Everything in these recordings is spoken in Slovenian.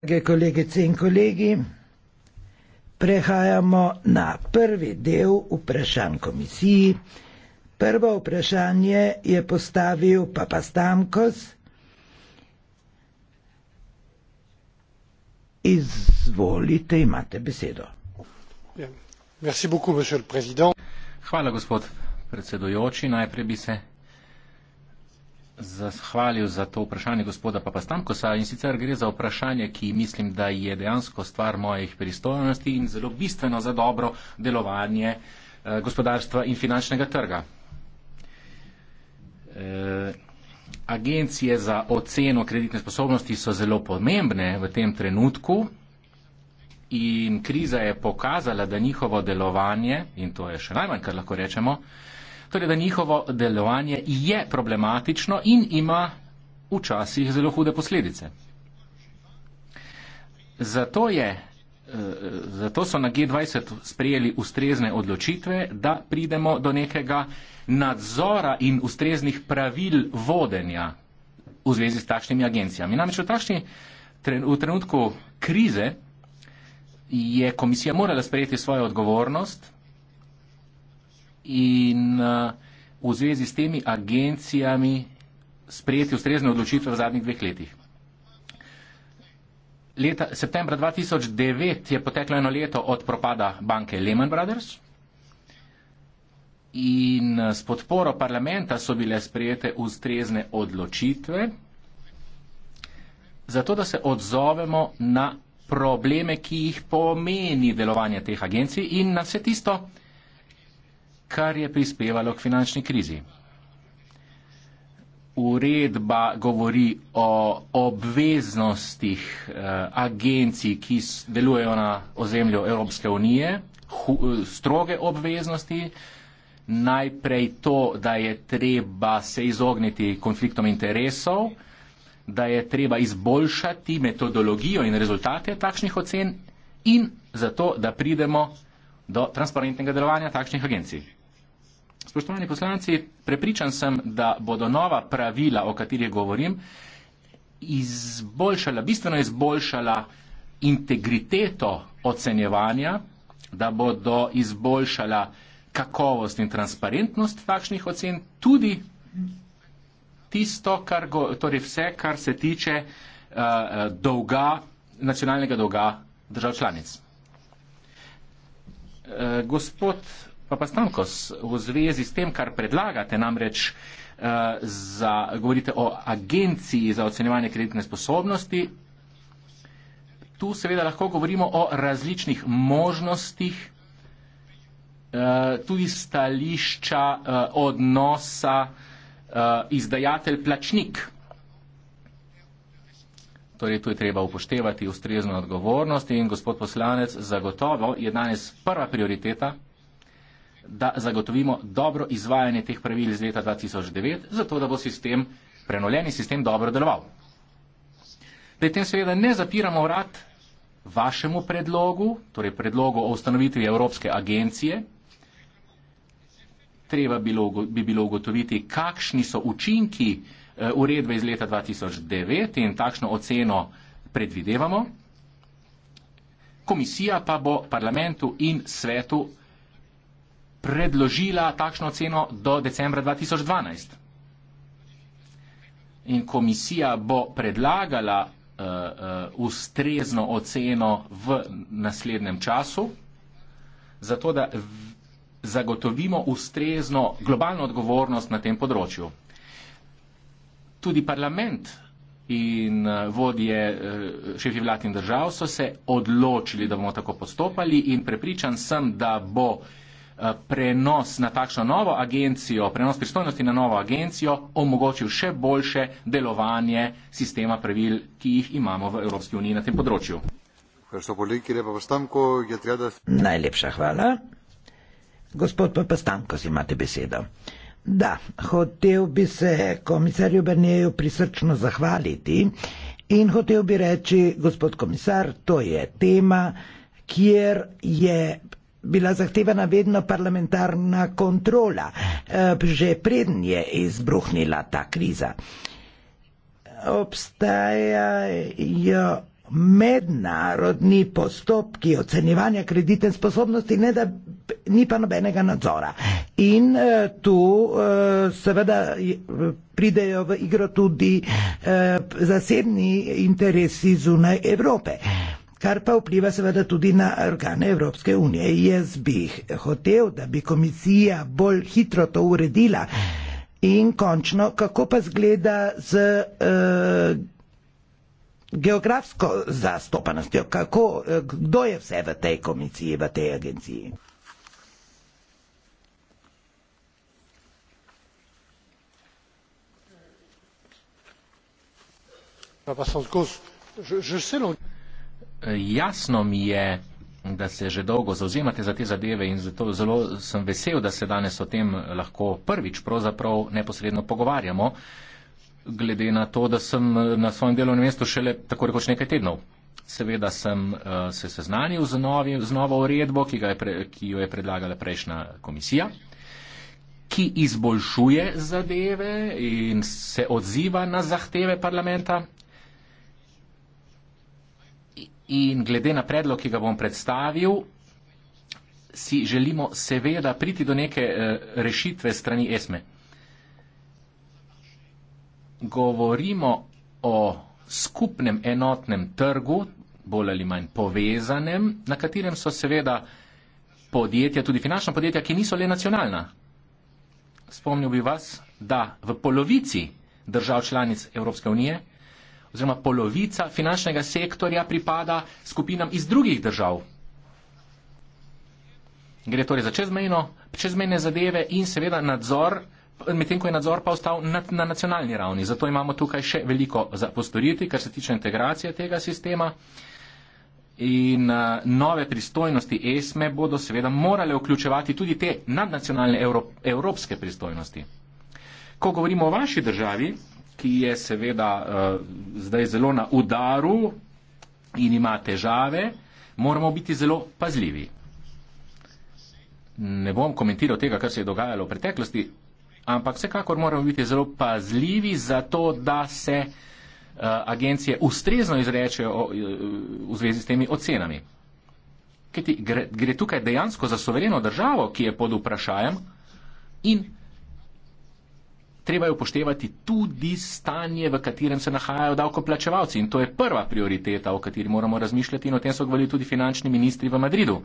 Drage kolegice in kolegi, prehajamo na prvi del vprašanj komisiji. Prvo vprašanje je postavil papa Stamkos. Izvolite, imate besedo. Hvala, gospod predsedujoči. Najprej bi se zahvalil za to vprašanje gospoda Papastankosa in sicer gre za vprašanje, ki mislim, da je dejansko stvar mojih pristojnosti in zelo bistveno za dobro delovanje eh, gospodarstva in finančnega trga. Eh, agencije za oceno kreditne sposobnosti so zelo pomembne v tem trenutku in kriza je pokazala, da njihovo delovanje, in to je še najmanj, kar lahko rečemo, torej da njihovo delovanje je problematično in ima včasih zelo hude posledice. Zato, je, eh, zato so na G20 sprejeli ustrezne odločitve, da pridemo do nekega nadzora in ustreznih pravil vodenja v zvezi s takšnimi agencijami. Namreč v, takšni, v trenutku krize je komisija morala sprejeti svojo odgovornost in eh, v zvezi s temi agencijami sprejeti ustrezne odločitve v zadnjih dveh letih. Leta, septembra 2009 je poteklo eno leto od propada banke Lehman Brothers in eh, s podporo parlamenta so bile sprejete ustrezne odločitve, zato da se odzovemo na probleme, ki jih pomeni delovanje teh agencij in na vse tisto, kar je prispevalo k finančni krizi. Uredba govori o obveznostih eh, agencij, ki delujejo na ozemlju Evropske unije, hu, eh, stroge obveznosti. Najprej to, da je treba se izogniti konfliktom interesov, da je treba izboljšati metodologijo in rezultate takšnih ocen in zato, da pridemo do transparentnega delovanja takšnih agencij. Spoštovani poslanci, prepričan sem, da bodo nova pravila, o katerih govorim, izboljšala, bistveno izboljšala integriteto ocenjevanja, da bodo izboljšala kakovost in transparentnost takšnih ocen, tudi tisto, kar go, torej vse, kar se tiče uh, dolga, nacionalnega dolga držav članic. Uh, gospod Pa pa stanko v zvezi s tem, kar predlagate, namreč eh, za, govorite o agenciji za ocenjevanje kreditne sposobnosti. Tu seveda lahko govorimo o različnih možnostih, eh, tudi stališča eh, odnosa izdajatelj plačnik. Torej, tu je treba upoštevati ustrezno odgovornost in gospod poslanec, zagotovo je danes prva prioriteta da zagotovimo dobro izvajanje teh pravil iz leta 2009, zato da bo sistem, prenoljeni sistem dobro deloval. Pri tem seveda ne zapiramo vrat vašemu predlogu, torej predlogu o ustanovitvi Evropske agencije. Treba bilo, bi bilo ugotoviti, kakšni so učinki eh, uredbe iz leta 2009 in takšno oceno predvidevamo. Komisija pa bo parlamentu in svetu predložila takšno oceno do decembra 2012. In komisija bo predlagala uh, uh, ustrezno oceno v naslednjem času, zato da zagotovimo ustrezno globalno odgovornost na tem področju. Tudi parlament in eh, vodje šefi vlad in držav so se odločili, da bomo tako postopali in prepričan sem, da bo uh, Eh, prenos na takšno novo agencijo, prenos pristojnosti na novo agencijo omogočil še boljše delovanje sistema pravil, ki jih imamo v Evropski uniji na tem področju. Najlepša hvala. Gospod Papastanko, si imate besedo. Da, hotel bi se komisarju Berneju prisrčno zahvaliti in hotel bi reči, gospod komisar, to je tema, kjer je bila zahtevana vedno parlamentarna kontrola, eh, že prednje je izbruhnila ta kriza. Obstajajo mednarodni postopki ocenjevanja kreditne sposobnosti, ne da ni pa nobenega nadzora. In eh, tu eh, seveda pridejo v igro tudi zasebni interesi zunaj Evrope kar pa vpliva seveda tudi na organe Evropske unije. Jaz bi hotel, da bi komisija bolj hitro to uredila. In končno, kako pa zgleda z uh, geografsko zastopanostjo? Kako, eh, kdo je vse v tej komisiji, v tej agenciji? No, je pa samo skozi. Že vse lahko jasno mi je, da se že dolgo zauzemate za te zadeve in zato zelo sem vesel, da se danes o tem lahko prvič pravzaprav neposredno pogovarjamo, glede na to, da sem na svojem delovnem mestu šele tako rekoč nekaj tednov. Seveda sem eh, se seznanil z, novi, z novo uredbo, ki, ki jo je predlagala prejšnja komisija, ki izboljšuje zadeve in se odziva na zahteve parlamenta, In glede na predlog, ki ga bom predstavil, si želimo seveda priti do neke eh, rešitve strani ESME. Govorimo o skupnem enotnem trgu, bolj ali manj povezanem, na katerem so seveda podjetja, tudi finančna podjetja, ki niso le nacionalna. Spomnil bi vas, da v polovici držav članic Evropske unije oziroma polovica finančnega sektorja pripada skupinam iz drugih držav. Gre torej za čezmejno, čezmejne zadeve in seveda nadzor, medtem ko je nadzor pa ostal na, na nacionalni ravni. Zato imamo tukaj še veliko za postoriti, kar se tiče integracije tega sistema. In uh, nove pristojnosti ESME bodo seveda morale vključevati tudi te nadnacionalne evro, evropske pristojnosti. Ko govorimo o vaši državi, ki je seveda uh, zdaj zelo na udaru in ima težave, moramo biti zelo pazljivi. Ne bom komentiral tega, kar se je dogajalo v preteklosti, ampak vsekakor moramo biti zelo pazljivi zato, da se uh, agencije ustrezno izrečejo o, uh, v zvezi s temi ocenami. Kajti gre, gre tukaj dejansko za sovereno državo, ki je pod vprašajem in treba je upoštevati tudi stanje, v katerem se nahajajo davkoplačevalci. In to je prva prioriteta, o kateri moramo razmišljati in o tem so govorili tudi finančni ministri v Madridu.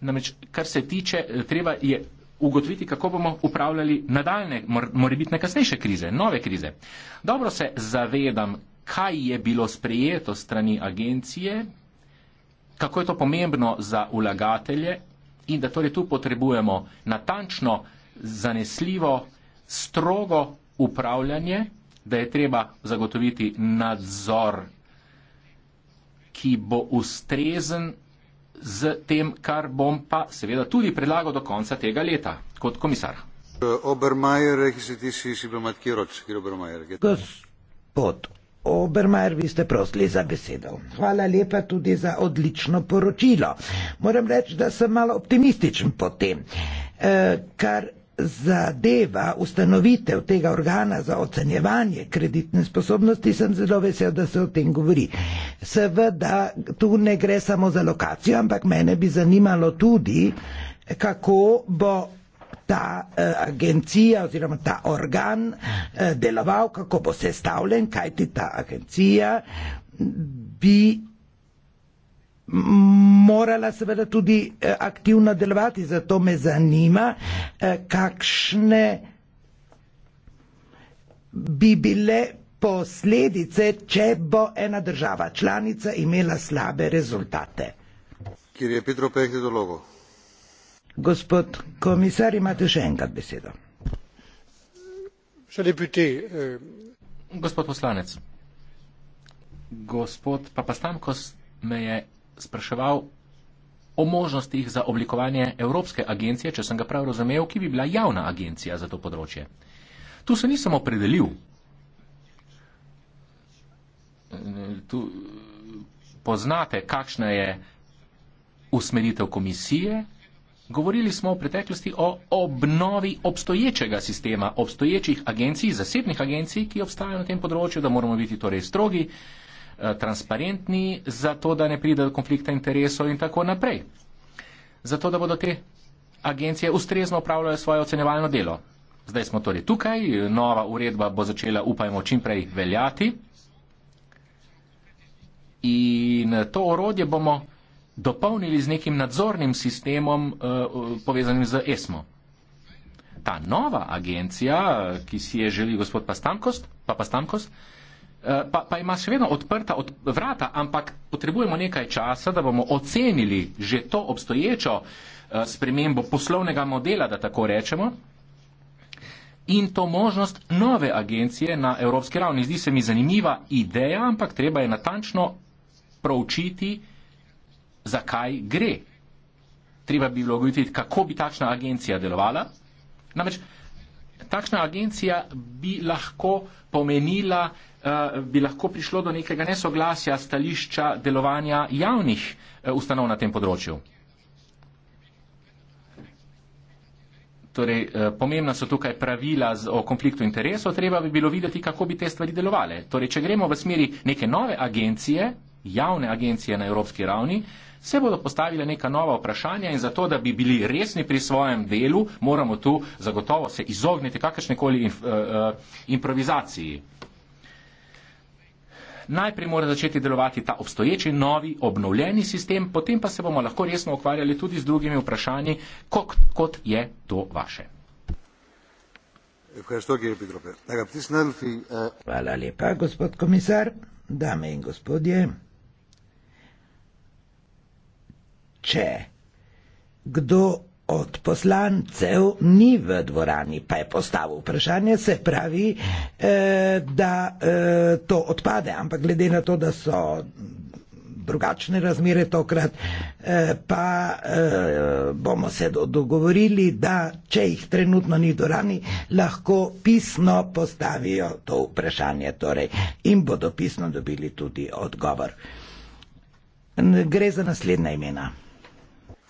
Namreč, kar se tiče, eh, treba je ugotoviti, kako bomo upravljali nadaljne, morebitne kasnejše krize, nove krize. Dobro se zavedam, kaj je bilo sprejeto strani agencije, kako je to pomembno za ulagatelje in da torej tu potrebujemo natančno zanesljivo, strogo upravljanje, da je treba zagotoviti nadzor, ki bo ustrezen z tem, kar bom pa seveda tudi predlagal do konca tega leta kot komisar. Gospod Obermajer, vi ste prosili za besedo. Hvala lepa tudi za odlično poročilo. Moram reči, da sem malo optimističen po tem, eh, kar zadeva ustanovitev tega organa za ocenjevanje kreditne sposobnosti, sem zelo vesel, da se o tem govori. Seveda, tu ne gre samo za lokacijo, ampak mene bi zanimalo tudi, kako bo ta eh, agencija oziroma ta organ eh, deloval, kako bo sestavljen, kajti ta agencija bi morala seveda tudi eh, aktivno delovati, zato me zanima, eh, kakšne bi bile posledice, če bo ena država članica imela slabe rezultate. Kjer je Petro Pehe dologo? Gospod komisar, imate še enkrat besedo. Še lepi ti. Eh... Gospod poslanec, gospod Papastamkos me je spraševal o možnostih za oblikovanje Evropske agencije, če sem ga prav razumel, ki bi bila javna agencija za to področje. Tu se nisem opredelil. Tu poznate, kakšna je usmeritev komisije. Govorili smo v preteklosti o obnovi obstoječega sistema, obstoječih agencij, zasebnih agencij, ki obstajajo na tem področju, da moramo biti torej strogi, Eh, transparentni, zato da ne pride do konflikta interesov in tako naprej. Zato da bodo te agencije ustrezno upravljale svoje ocenevalno delo. Zdaj smo torej tukaj, nova uredba bo začela, upajmo, čimprej veljati. In eh, to orodje bomo dopolnili z nekim nadzornim sistemom eh, povezanim z ESMO. Ta nova agencija, ki si je želi gospod Pastankost, pa Pastankost, Eh, pa, pa ima še vedno odprta od, vrata, ampak potrebujemo nekaj časa, da bomo ocenili že to obstoječo uh, spremembo poslovnega modela, da tako rečemo, in to možnost nove agencije na evropski ravni. Zdi se mi zanimiva ideja, ampak treba je natančno proučiti, zakaj gre. Treba bi bilo ugotoviti, kako bi takšna agencija delovala. Namreč, takšna agencija bi lahko pomenila Eh, bi lahko prišlo do nekega nesoglasja stališča delovanja javnih eh, ustanov na tem področju. Torej, eh, pomembna so tukaj pravila o konfliktu interesov, treba bi bilo videti, kako bi te stvari delovale. Torej, če gremo v smeri neke nove agencije, javne agencije na evropski ravni, se bodo postavile neka nova vprašanja in zato, da bi bili resni pri svojem delu, moramo tu zagotovo se izogniti kakršnekoli improvizaciji najprej mora začeti delovati ta obstoječi, novi, obnovljeni sistem, potem pa se bomo lahko resno ukvarjali tudi z drugimi vprašanji, kot, kot je to vaše. Hvala lepa, gospod komisar, dame in gospodje. Če kdo od poslancev ni v dvorani, pa je postavil vprašanje, se pravi, eh, da eh, to odpade, ampak glede na to, da so drugačne razmere tokrat, eh, pa eh, bomo se do, dogovorili, da če jih trenutno ni v dvorani, lahko pisno postavijo to vprašanje torej, in bodo pisno dobili tudi odgovor. Gre za naslednja imena.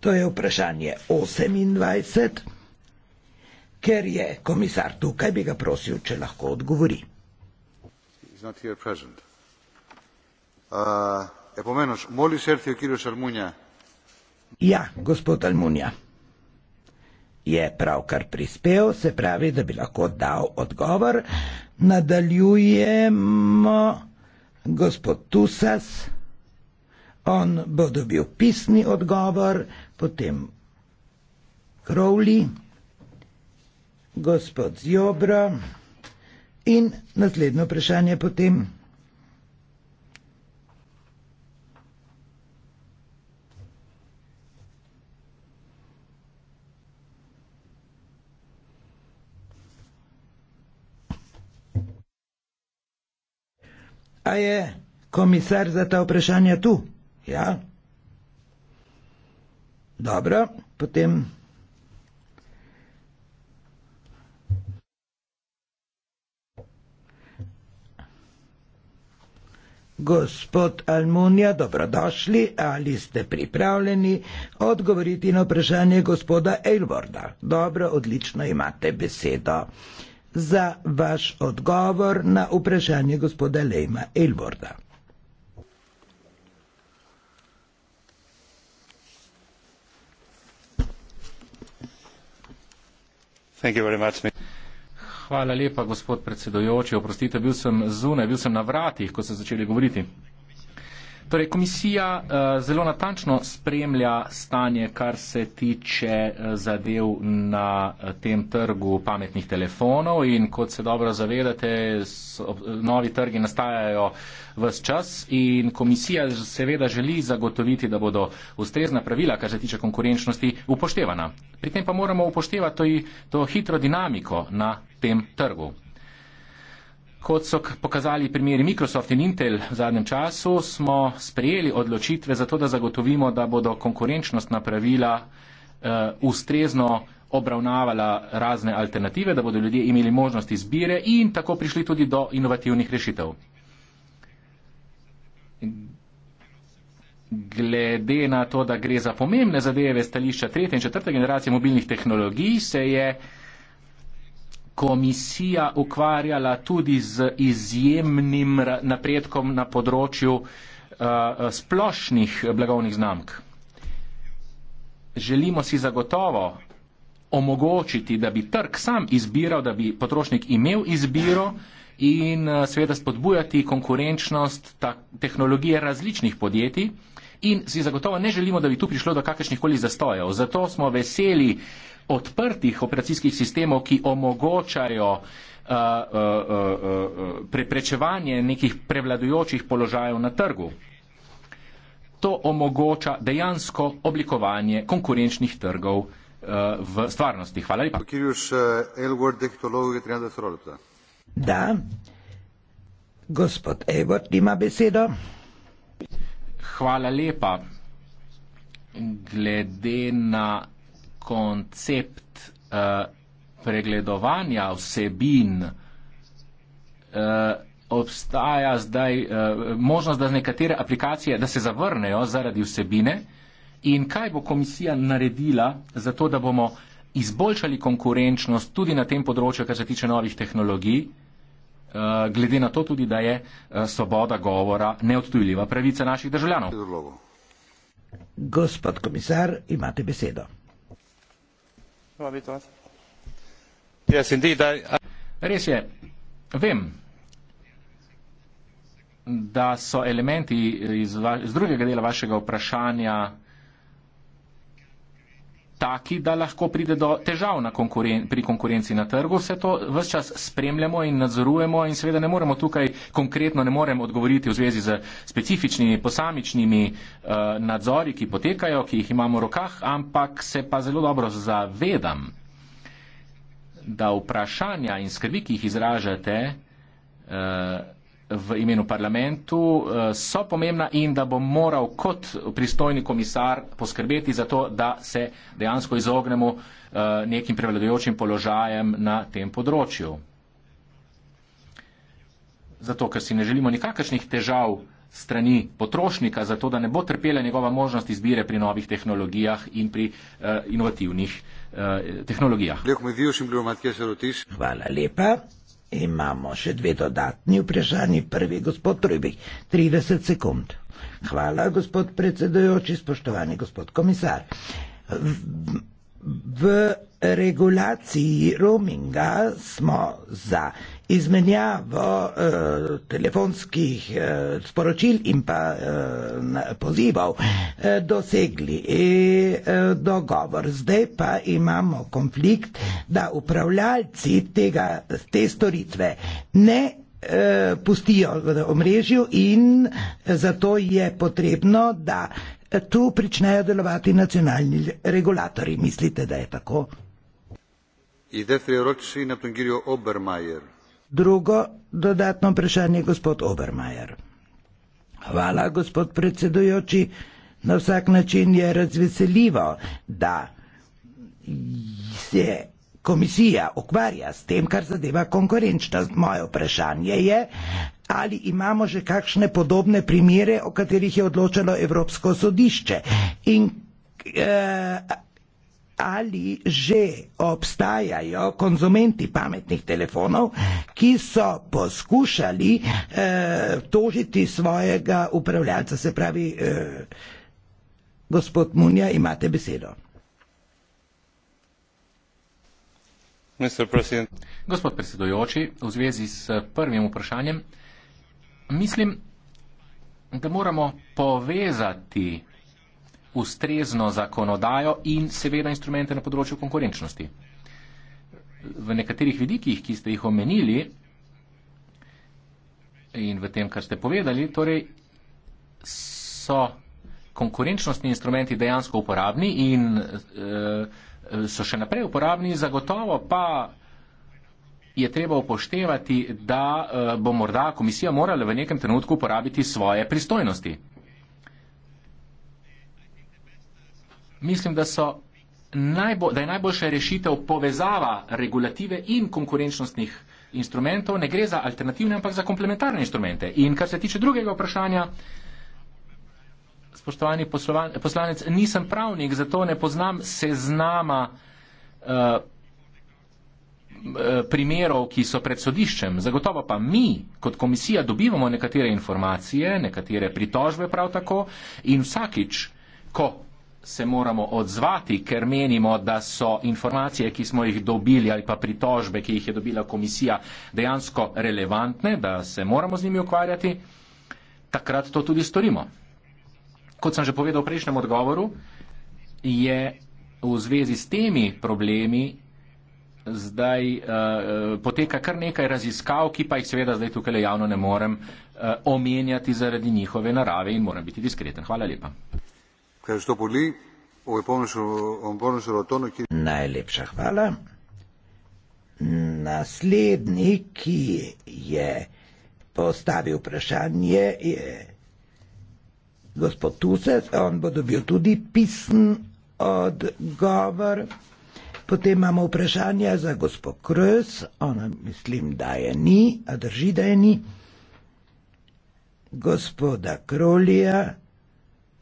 to je vprašanje 28, ker je komisar tukaj, bi ga prosil, če lahko odgovori. Uh, e ja, gospod Almunja je pravkar prispel, se pravi, da bi lahko dal odgovor. Nadaljujemo gospod Tusas, on bo dobil pisni odgovor, potem Crowley, gospod Zjobro in naslednje vprašanje potem. A je komisar za ta vprašanja tu? Ja. Dobro, potem. Gospod Almunija, dobrodošli, ali ste pripravljeni odgovoriti na vprašanje gospoda Eilborda? Dobro, odlično imate besedo za vaš odgovor na vprašanje gospoda Lejma Eilborda. Hvala lepa, gospod predsedujoči. Oprostite, bil sem zunaj, bil sem na vratih, ko ste začeli govoriti. Torej, komisija uh, zelo natančno spremlja stanje, kar se tiče uh, zadev na uh, tem trgu pametnih telefonov in kot se dobro zavedate, so, novi trgi nastajajo vse čas in komisija seveda želi zagotoviti, da bodo ustrezna pravila, kar se tiče konkurenčnosti, upoštevana. Pri tem pa moramo upoštevati to, to hitro dinamiko na tem trgu. Kot so pokazali primeri Microsoft in Intel v zadnjem času, smo sprejeli odločitve za to, da zagotovimo, da bodo konkurenčnostna pravila uh, ustrezno obravnavala razne alternative, da bodo ljudje imeli možnost izbire in tako prišli tudi do inovativnih rešitev. Glede na to, da gre za pomembne zadeve stališča tretje in četrte generacije mobilnih tehnologij, se je uh, komisija ukvarjala tudi z izjemnim napredkom na področju uh, splošnih blagovnih znamk. Želimo si zagotovo omogočiti, da bi trg sam izbiral, da bi potrošnik imel izbiro in uh, seveda spodbujati konkurenčnost tehnologije različnih podjetij. In si zagotovo ne želimo, da bi tu prišlo do kakršnih koli zastojev. Zato smo veseli odprtih operacijskih sistemov, ki omogočajo uh, uh, uh, uh, preprečevanje nekih prevladujočih položajev na trgu. To omogoča dejansko oblikovanje konkurenčnih trgov uh, v stvarnosti. Hvala lepa. Uh, da, gospod Evert ima besedo. Hvala lepa. Glede na koncept uh, pregledovanja vsebin uh, obstaja zdaj uh, možnost, da nekatere aplikacije, da se zavrnejo zaradi vsebine in kaj bo komisija naredila za to, da bomo izboljšali konkurenčnost tudi na tem področju, kar se tiče novih tehnologij, uh, glede na to tudi, da je uh, svoboda govora neodtujljiva pravica naših državljanov. Gospod komisar, imate besedo. Res je, vem, da so elementi iz, iz drugega dela vašega vprašanja taki, da lahko pride do težav na konkuren pri konkurenci na trgu. Vse to vse čas spremljamo in nadzorujemo in seveda ne moremo tukaj konkretno ne morem odgovoriti v zvezi z specifičnimi posamičnimi uh, nadzori, ki potekajo, ki jih imamo v rokah, ampak se pa zelo dobro zavedam, da vprašanja in skrbi, ki jih izražate, uh, v imenu parlamentu, eh, so pomembna in da bo moral kot pristojni komisar poskrbeti za to, da se dejansko izognemo eh, nekim prevladujočim položajem na tem področju. Zato, ker si ne želimo nikakršnih težav strani potrošnika, zato da ne bo trpela njegova možnost izbire pri novih tehnologijah in pri uh, inovativnih uh, tehnologijah. Hvala lepa. Imamo še dve dodatni vprašanji. Prvi, gospod Trubik, 30 sekund. Hvala, gospod predsedojoči, spoštovani gospod komisar. V, v regulaciji roaminga smo za izmenjavo e, telefonskih e, sporočil in pa e, pozivov e, dosegli e, dogovor. Zdaj pa imamo konflikt, da upravljalci tega, te storitve ne e, pustijo v omrežju in zato je potrebno, da tu pričnejo delovati nacionalni regulatori. Mislite, da je tako? Ich darf Frau Rotschi nach dem Gyrio Obermeier. Drugo dodatno vprašanje, gospod Obermajer. Hvala, gospod predsedujoči. Na vsak način je razveseljivo, da se komisija ukvarja s tem, kar zadeva konkurenčnost. Moje vprašanje je, ali imamo že kakšne podobne primere, o katerih je odločalo Evropsko sodišče. In, eh, ali že obstajajo konzumenti pametnih telefonov, ki so poskušali eh, tožiti svojega upravljalca. Se pravi, eh, gospod Munja, imate besedo. Gospod predsedujoči, v zvezi s prvim vprašanjem, mislim, da moramo povezati ustrezno zakonodajo in seveda instrumente na področju konkurenčnosti. V nekaterih vidikih, ki ste jih omenili in v tem, kar ste povedali, torej so konkurenčnostni instrumenti dejansko uporabni in e, so še naprej uporabni, zagotovo pa je treba upoštevati, da eh, bo morda komisija morala v nekem trenutku uporabiti svoje pristojnosti. mislim, da, so, da je najboljša rešitev povezava regulative in konkurenčnostnih instrumentov. Ne gre za alternativne, ampak za komplementarne instrumente. In kar se tiče drugega vprašanja, spoštovani poslanec, nisem pravnik, zato ne poznam seznama uh, primerov, ki so pred sodiščem. Zagotovo pa mi kot komisija dobivamo nekatere informacije, nekatere pritožbe prav tako in vsakič, ko se moramo odzvati, ker menimo, da so informacije, ki smo jih dobili ali pa pritožbe, ki jih je dobila komisija, dejansko relevantne, da se moramo z njimi ukvarjati, takrat to tudi storimo. Kot sem že povedal v prejšnjem odgovoru, je v zvezi s temi problemi zdaj uh, poteka kar nekaj raziskav, ki pa jih seveda zdaj tukaj javno ne morem uh, omenjati zaradi njihove narave in moram biti diskreten. Hvala lepa. Najlepša hvala. Naslednji, ki je postavil vprašanje, je gospod Tusec. On bo dobil tudi pisen odgovor. Potem imamo vprašanje za gospod Krs. Ona mislim, da je ni, a drži, da je ni. Gospoda Krolija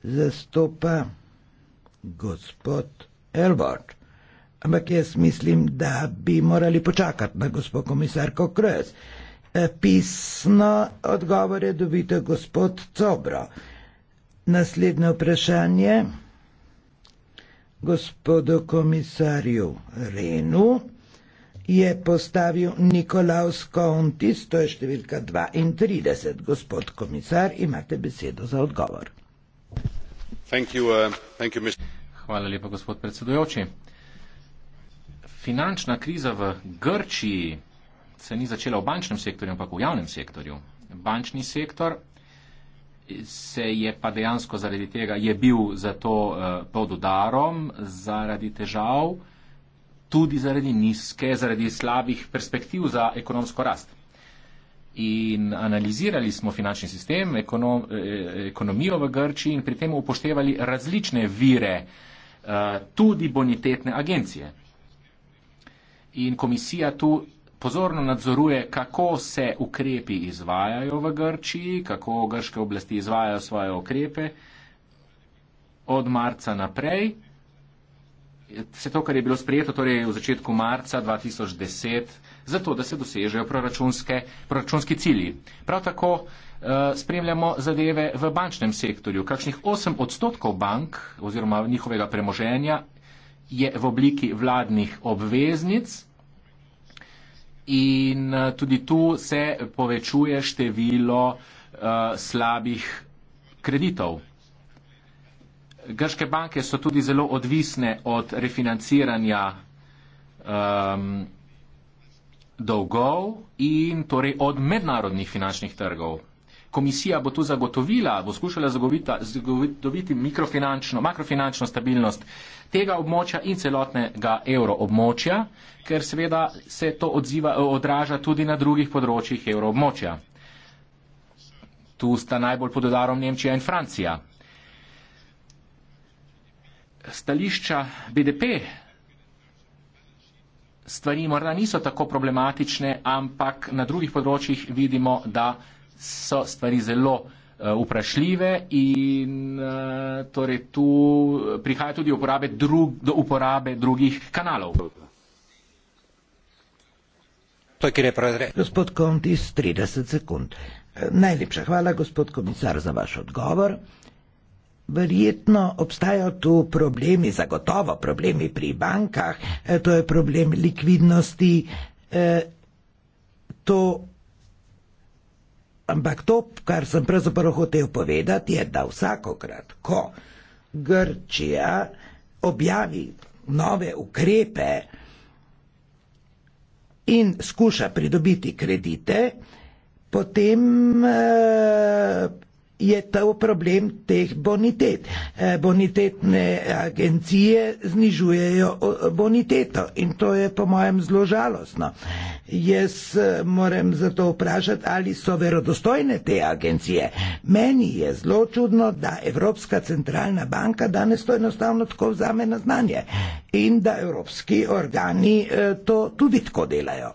zastopa gospod Elbot. Ampak jaz mislim, da bi morali počakati na gospod komisarko Kres. E, pisno odgovore dobite gospod Cobro. Naslednje vprašanje gospodu komisarju Renu je postavil Nikolaus Kontis, to je številka 32. Gospod komisar, imate besedo za odgovor. Uh, finančna kriza v Grčiji se ni začela v bančnem sektorju, ampak v javnem sektorju. Bančni sektor se je pa dejansko zaradi tega, je bil zato eh, pod udarom, zaradi težav, tudi zaradi nizke, zaradi slabih perspektiv za ekonomsko rast in analizirali smo finančni sistem, ekonom, eh, ekonomijo v Grčiji in pri tem upoštevali različne vire, eh, tudi bonitetne agencije. In komisija tu pozorno nadzoruje, kako se ukrepi izvajajo v Grčiji, kako grške oblasti izvajajo svoje ukrepe od marca naprej. Eh, vse to, kar je bilo sprejeto, torej v začetku marca 2010 zato da se dosežejo proračunski cilji. Prav tako eh, spremljamo zadeve v bančnem sektorju. Kakšnih 8 odstotkov bank oziroma njihovega premoženja je v obliki vladnih obveznic in eh, tudi tu se povečuje število eh, slabih kreditov. Grške banke so tudi zelo odvisne od refinanciranja um, dolgov in torej od mednarodnih finančnih trgov. Komisija bo tu zagotovila, bo skušala zagotoviti mikrofinančno, makrofinančno stabilnost tega območja in celotnega evroobmočja, ker seveda se to odziva, odraža tudi na drugih področjih evroobmočja. Tu sta najbolj pod udarom Nemčija in Francija. Stališča BDP stvari morda niso tako problematične, ampak na drugih področjih vidimo, da so stvari zelo eh, vprašljive in eh, torej tu prihaja tudi uporabe drug, do uporabe drugih kanalov. Gospod Kontis, 30 sekund. Eh, najlepša hvala, gospod komisar, za vaš odgovor. Verjetno obstajajo tu problemi, zagotovo problemi pri bankah, e, to je problem likvidnosti. E, to, ampak to, kar sem pravzaprav hotel povedati, je, da vsakokrat, ko Grčija objavi nove ukrepe in skuša pridobiti kredite, potem. Eh, je to problem teh bonitet. Eh, bonitetne agencije znižujejo boniteto in to je po mojem zelo žalostno. Jaz eh, moram zato vprašati, ali so verodostojne te agencije. Meni je zelo čudno, da Evropska centralna banka danes to enostavno tako vzame na znanje in da evropski organi eh, to tudi tako delajo.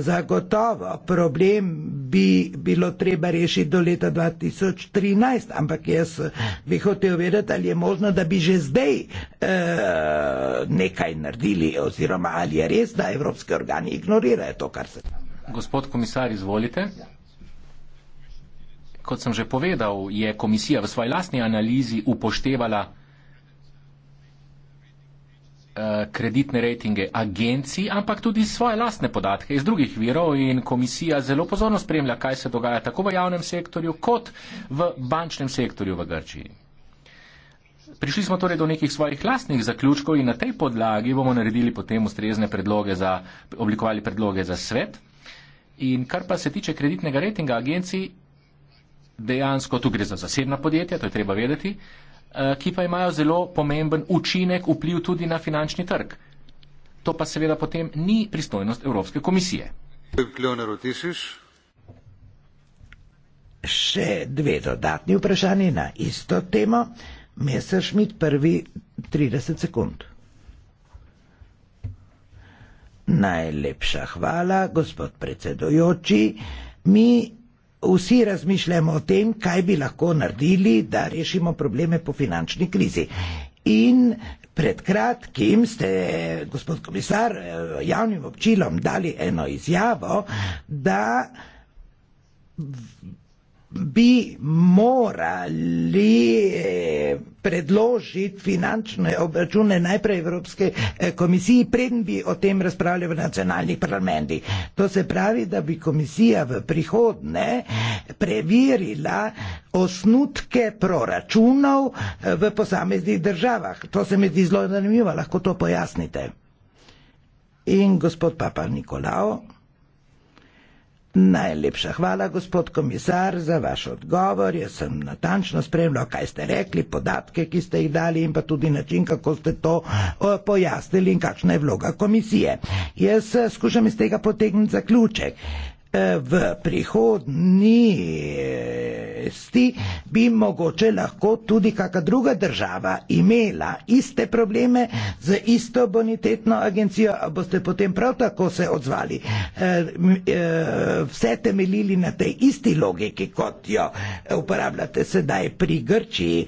Zagotovo problem bi bilo treba rešiti do leta 2013, ampak jaz bi hotel vedeti, ali je možno, da bi že zdaj eh, nekaj naredili, oziroma ali je res, da evropske organi ignorirajo to, kar se. Gospod komisar, izvolite. Kot sem že povedal, je komisija v svoji lastni analizi upoštevala Eh, kreditne rejtinge agencij, ampak tudi svoje lastne podatke iz drugih virov in komisija zelo pozorno spremlja, kaj se dogaja tako v javnem sektorju kot v bančnem sektorju v Grčiji. Prišli smo torej do nekih svojih lastnih zaključkov in na tej podlagi bomo naredili potem ustrezne predloge za, oblikovali predloge za svet. In kar pa se tiče kreditnega rejtinga agencij, dejansko tu gre za zasebna podjetja, to je treba vedeti, Eh, ki pa imajo zelo pomemben učinek, vpliv tudi na finančni trg. To pa seveda potem ni pristojnost Evropske komisije. Še dve dodatni vprašanje na isto temo. Mesa Šmit prvi 30 sekund. Najlepša hvala, gospod predsedojoči. Mi Vsi razmišljamo o tem, kaj bi lahko naredili, da rešimo probleme po finančni krizi. In pred kratkim ste, gospod komisar, javnim občilom dali eno izjavo, da bi morali eh, predložiti finančne obračune najprej Evropske eh, komisiji, preden bi o tem razpravljali v nacionalnih parlamentih. To se pravi, da bi komisija v prihodne preverila osnutke proračunov eh, v posameznih državah. To se mi zdi zelo zanimivo, lahko to pojasnite. In gospod Papa Nikolao. Najlepša hvala, gospod komisar, za vaš odgovor. Jaz sem natančno spremljal, kaj ste rekli, podatke, ki ste jih dali in pa tudi način, kako ste to pojasnili in kakšna je vloga komisije. Jaz eh, skušam iz tega potegniti zaključek v prihodnosti eh, bi mogoče lahko tudi kakšna druga država imela iste probleme z isto bonitetno agencijo, a boste potem prav tako se odzvali. Eh, eh, vse temeljili na tej isti logiki, kot jo uporabljate sedaj pri Grčiji,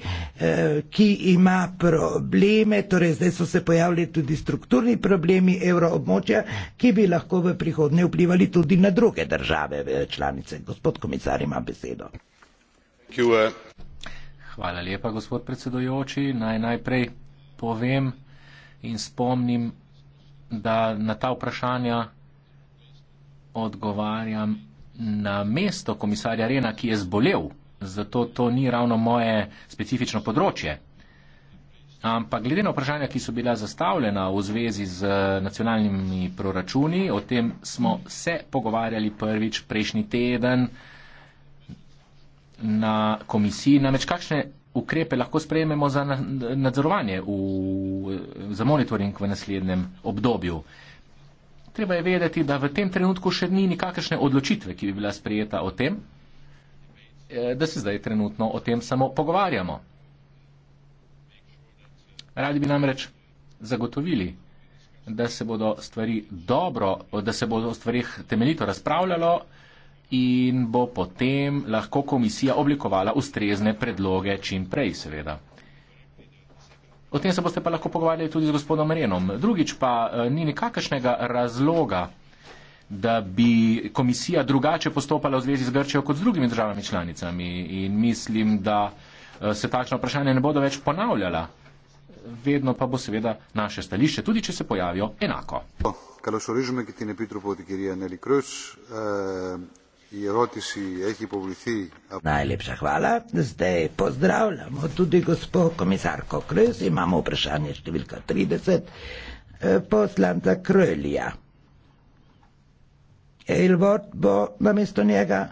ki ima probleme, torej zdaj so se pojavili tudi strukturni problemi evroobmočja, ki bi lahko v prihodnje vplivali tudi na druge države države eh, članice. Gospod komisar ima besedo. E. Hvala lepa, gospod predsedojoči. Naj najprej povem in spomnim, da na ta vprašanja odgovarjam na mesto komisarja Rena, ki je zbolel, zato to ni ravno moje specifično področje. Ampak glede na vprašanja, ki so bila zastavljena v zvezi z eh, nacionalnimi proračuni, o tem smo se pogovarjali prvič prejšnji teden na komisiji, namreč kakšne ukrepe lahko sprejmemo za nadzorovanje, v, eh, za monitoring v naslednjem obdobju. Treba je vedeti, da v tem trenutku še ni nikakršne odločitve, ki bi bila sprejeta o tem, eh, da se zdaj trenutno o tem samo pogovarjamo. Radi bi namreč zagotovili, da se bodo stvari dobro, da se bodo o stvarih temeljito razpravljalo in bo potem lahko komisija oblikovala ustrezne predloge čim prej, seveda. O tem se boste pa lahko pogovarjali tudi z gospodom Renom. Drugič pa eh, ni nikakršnega razloga, da bi komisija drugače postopala v zvezi z Grčijo kot z drugimi državami članicami in mislim, da eh, se takšna vprašanja ne bodo več ponavljala vedno pa bo seveda naše stališče, tudi če se pojavijo enako. Najlepša hvala. Zdaj pozdravljamo tudi gospod komisarko Kröz. Imamo vprašanje številka 30. E, poslanca Kröljja. Elvod bo namesto njega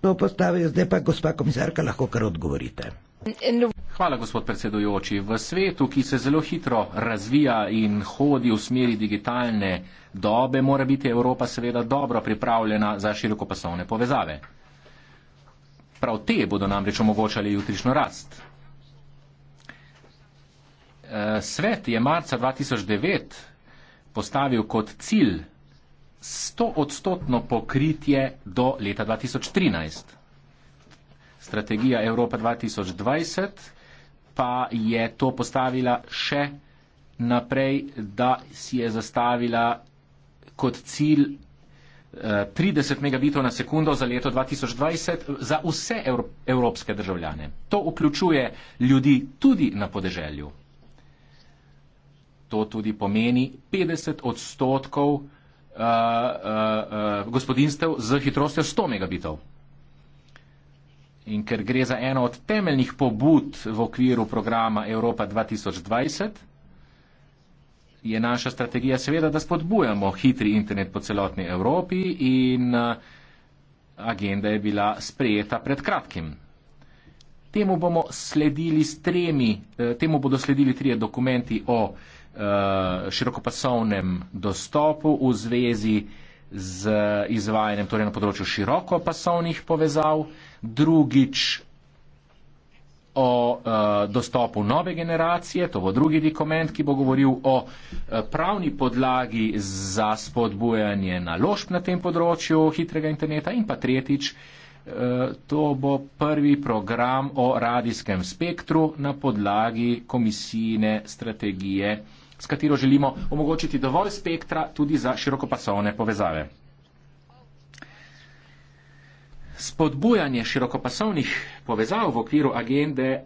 to postavil. Zdaj pa gospa komisarka lahko kar odgovorite. Hvala, gospod predsedujoči. V svetu, ki se zelo hitro razvija in hodi v smeri digitalne dobe, mora biti Evropa seveda dobro pripravljena za širokopasovne povezave. Prav te bodo namreč omogočali jutrišnjo rast. E, svet je marca 2009 postavil kot cilj 100 odstotno pokritje do leta 2013. Strategija Evropa 2020 pa je to postavila še naprej, da si je zastavila kot cilj 30 eh, megabitov na sekundo za leto 2020 za vse evropske državljane. To vključuje ljudi tudi na podeželju. To tudi pomeni 50 odstotkov uh, eh, uh, eh, uh, gospodinstev z hitrostjo 100 megabitov. In ker gre za eno od temeljnih pobud v okviru programa Evropa 2020, je naša strategija seveda, da spodbujamo hitri internet po celotni Evropi in eh, agenda je bila sprejeta pred kratkim. Temu, tremi, eh, temu bodo sledili trije dokumenti o eh, širokopasovnem dostopu v zvezi z izvajanjem torej na področju širokopasovnih povezav drugič o uh, dostopu nove generacije, to bo drugi dokument, ki bo govoril o uh, pravni podlagi za spodbujanje naložb na tem področju hitrega interneta in pa tretjič, uh, to bo prvi program o radijskem spektru na podlagi komisijne strategije, s katero želimo omogočiti dovolj spektra tudi za širokopasovne povezave. Spodbujanje širokopasovnih povezav v okviru agende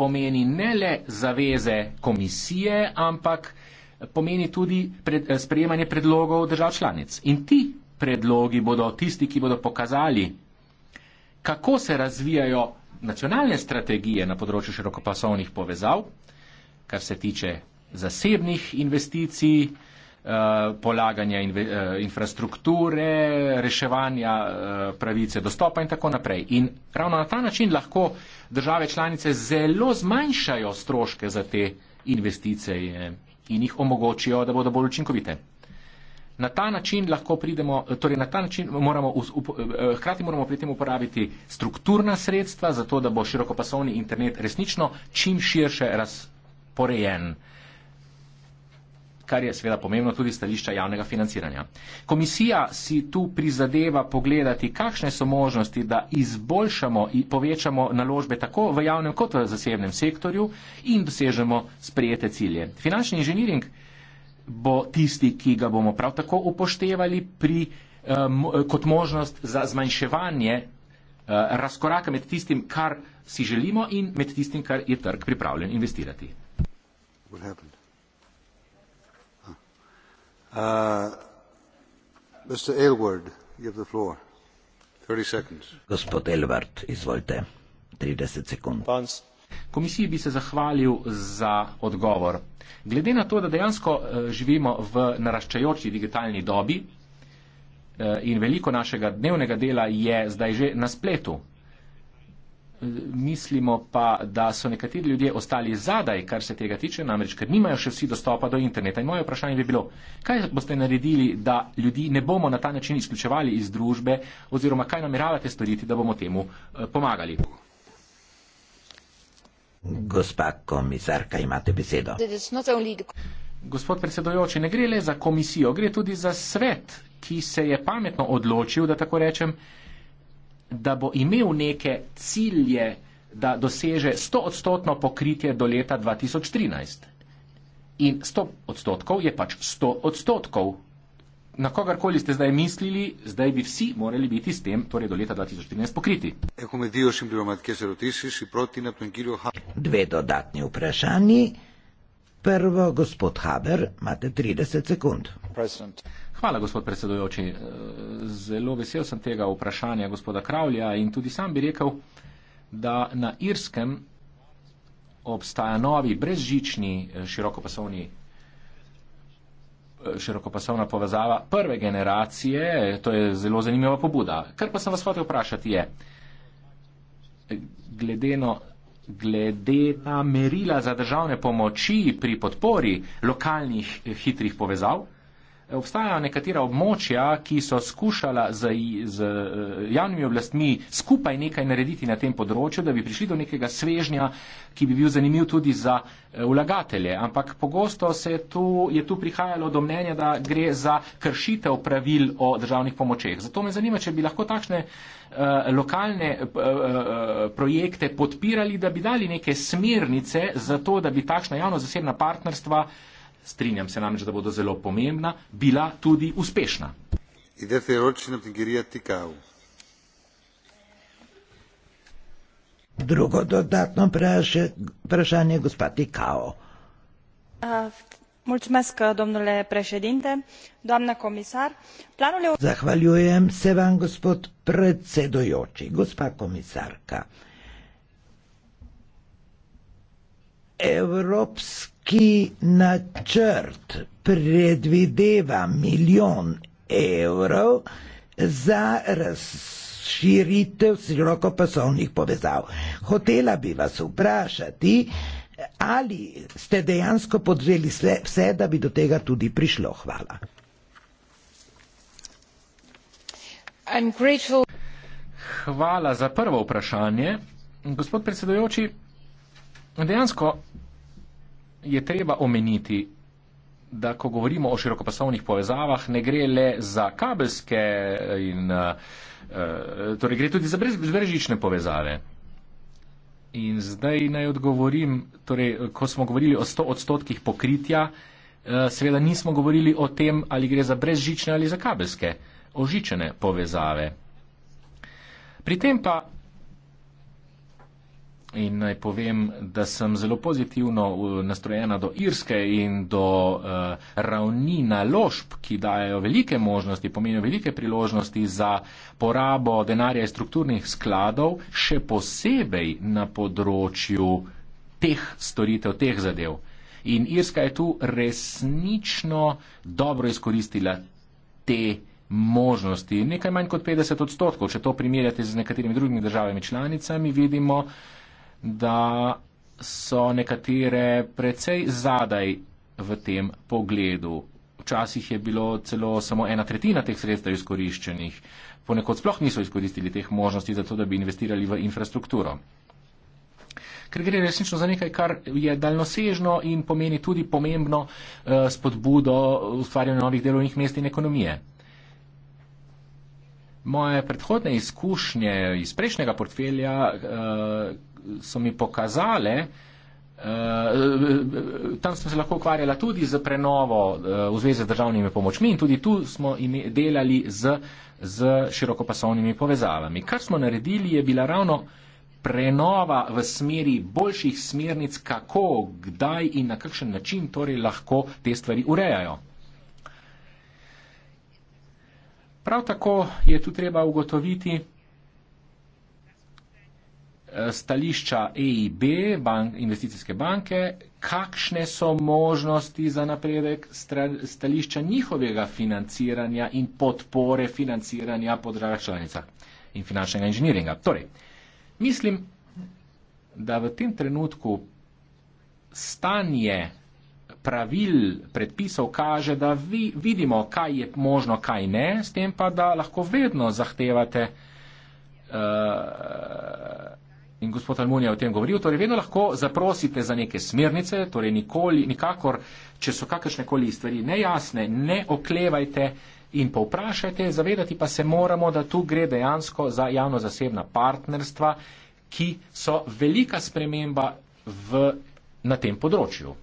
pomeni ne le zaveze komisije, ampak pomeni tudi pred, eh, sprejemanje predlogov držav članic. In ti predlogi bodo tisti, ki bodo pokazali, kako se razvijajo nacionalne strategije na področju širokopasovnih povezav, kar se tiče zasebnih investicij, Eh, polaganja in, eh, infrastrukture, reševanja eh, pravice dostopa in tako naprej. In ravno na ta način lahko države članice zelo zmanjšajo stroške za te investicije in jih omogočijo, da bodo bolj učinkovite. Na ta način lahko pridemo, torej na ta način moramo, up, hkrati moramo pri tem uporabiti strukturna sredstva, zato da bo širokopasovni internet resnično čim širše razporejen. Uh, kar je seveda pomembno tudi stališča javnega financiranja. Komisija si tu prizadeva pogledati, kakšne so možnosti, da izboljšamo in povečamo naložbe tako v javnem kot v zasebnem sektorju in dosežemo sprejete cilje. Finančni inženiring bo tisti, ki ga bomo prav tako upoštevali pri, um, kot možnost za zmanjševanje eh, razkoraka med tistim, kar si želimo in med tistim, kar je trg pripravljen investirati. What happened? Uh, Gospod Elward, izvolite. 30 sekund. Komisiji bi se zahvalil za odgovor. Glede na to, da dejansko eh, živimo v naraščajoči digitalni dobi eh, in veliko našega dnevnega dela je zdaj že na spletu, mislimo pa, da so nekateri ljudje ostali zadaj, kar se tega tiče, namreč, ker nimajo še vsi dostopa do interneta. In moje vprašanje bi bilo, kaj boste naredili, da ljudi ne bomo na ta način izključevali iz družbe oziroma kaj nameravate storiti, da bomo temu eh, pomagali? Gospa komisarka, imate besedo. Gospod predsedojoči, ne gre le za komisijo, gre tudi za svet, ki se je pametno odločil, da tako rečem, da bo imel neke cilje, da doseže 100 odstotno pokritje do leta 2013. In 100 odstotkov je pač 100 odstotkov. Na kogarkoli ste zdaj mislili, zdaj bi vsi morali biti s tem, torej do leta 2014, pokriti. Dve dodatni vprašanji. Prvo, gospod Haber, imate 30 sekund. Hvala, gospod predsedujoči. Eh, zelo vesel sem tega vprašanja gospoda Kravlja in tudi sam bi rekel, da na Irskem obstaja novi brezžični eh, širokopasovni eh, širokopasovna povezava prve generacije, to je zelo zanimiva pobuda. Kar pa sem vas hotel vprašati je, glede, no, glede na merila za državne pomoči pri podpori lokalnih hitrih povezav, obstajajo nekatera območja, ki so skušala z, z eh, javnimi oblastmi skupaj nekaj narediti na tem področju, da bi prišli do nekega svežnja, ki bi bil zanimiv tudi za eh, vlagatelje. Ampak pogosto se tu, je tu prihajalo do mnenja, da gre za kršitev pravil o državnih pomočeh. Zato me zanima, če bi lahko takšne eh, lokalne projekte podpirali, da bi dali neke smernice za to, da bi takšna javno-zasebna partnerstva strinjam se namreč, da bodo zelo pomembna, bila tudi uspešna. Drugo dodatno vprašanje, vprašanje gospod Tikao. Mulțumesc, domnule președinte, doamnă comisar. Planul Zahvaljujem se vam, gospod predsedujoči, gospod comisarka. Evropski načrt predvideva milijon evrov za razširitev širokopasovnih povezav. Hotela bi vas vprašati, ali ste dejansko podzeli vse, da bi do tega tudi prišlo. Hvala. Hvala za prvo vprašanje. Gospod predsedujoči, No, dejansko je treba omeniti, da ko govorimo o širokopasovnih povezavah, ne gre le za kabelske in eh, eh, torej gre tudi za brezžične povezave. In zdaj naj odgovorim, torej, ko smo govorili o 100 odstotkih pokritja, eh, seveda nismo govorili o tem, ali gre za brezžične ali za kabelske ožičene povezave. Pri tem pa in naj povem, da sem zelo pozitivno uh, nastrojena do Irske in do uh, ravni naložb, ki dajo velike možnosti, pomenijo velike priložnosti za porabo denarja iz strukturnih skladov, še posebej na področju teh storitev, teh zadev. In Irska je tu resnično dobro izkoristila te možnosti. Nekaj manj kot 50 odstotkov, če to primerjate z nekaterimi drugimi državami članicami, vidimo, da so nekatere precej zadaj v tem pogledu. Včasih je bilo celo samo ena tretjina teh sredstev izkoriščenih, ponekod sploh niso izkoristili teh možnosti za to, da bi investirali v infrastrukturo. Ker gre resnično za nekaj, kar je daljnosežno in pomeni tudi pomembno eh, spodbudo ustvarjanja novih delovnih mest in ekonomije. Moje predhodne izkušnje iz prejšnjega portfelja uh, so mi pokazale, uh, tam sem se lahko ukvarjala tudi z prenovo uh, v zvezi z državnimi pomočmi in tudi tu smo ime, delali z, z širokopasovnimi povezavami. Kar smo naredili je bila ravno prenova v smeri boljših smernic, kako, kdaj in na kakšen način torej lahko te stvari urejajo. Prav tako je tu treba ugotoviti eh, stališča EIB, bank, investicijske banke, kakšne so možnosti za napredek stališča njihovega financiranja in podpore financiranja po državah članicah in finančnega inženiringa. Torej, mislim, da v tem trenutku stanje pravil, predpisov kaže, da vi, vidimo, kaj je možno, kaj ne, s tem pa, da lahko vedno zahtevate, uh, in gospod Almun je o tem govoril, torej vedno lahko zaprosite za neke smernice, torej nikoli, nikakor, če so kakršnekoli stvari nejasne, ne oklevajte in povprašajte, zavedati pa se moramo, da tu gre dejansko za javno-zasebna partnerstva, ki so velika sprememba v, na tem področju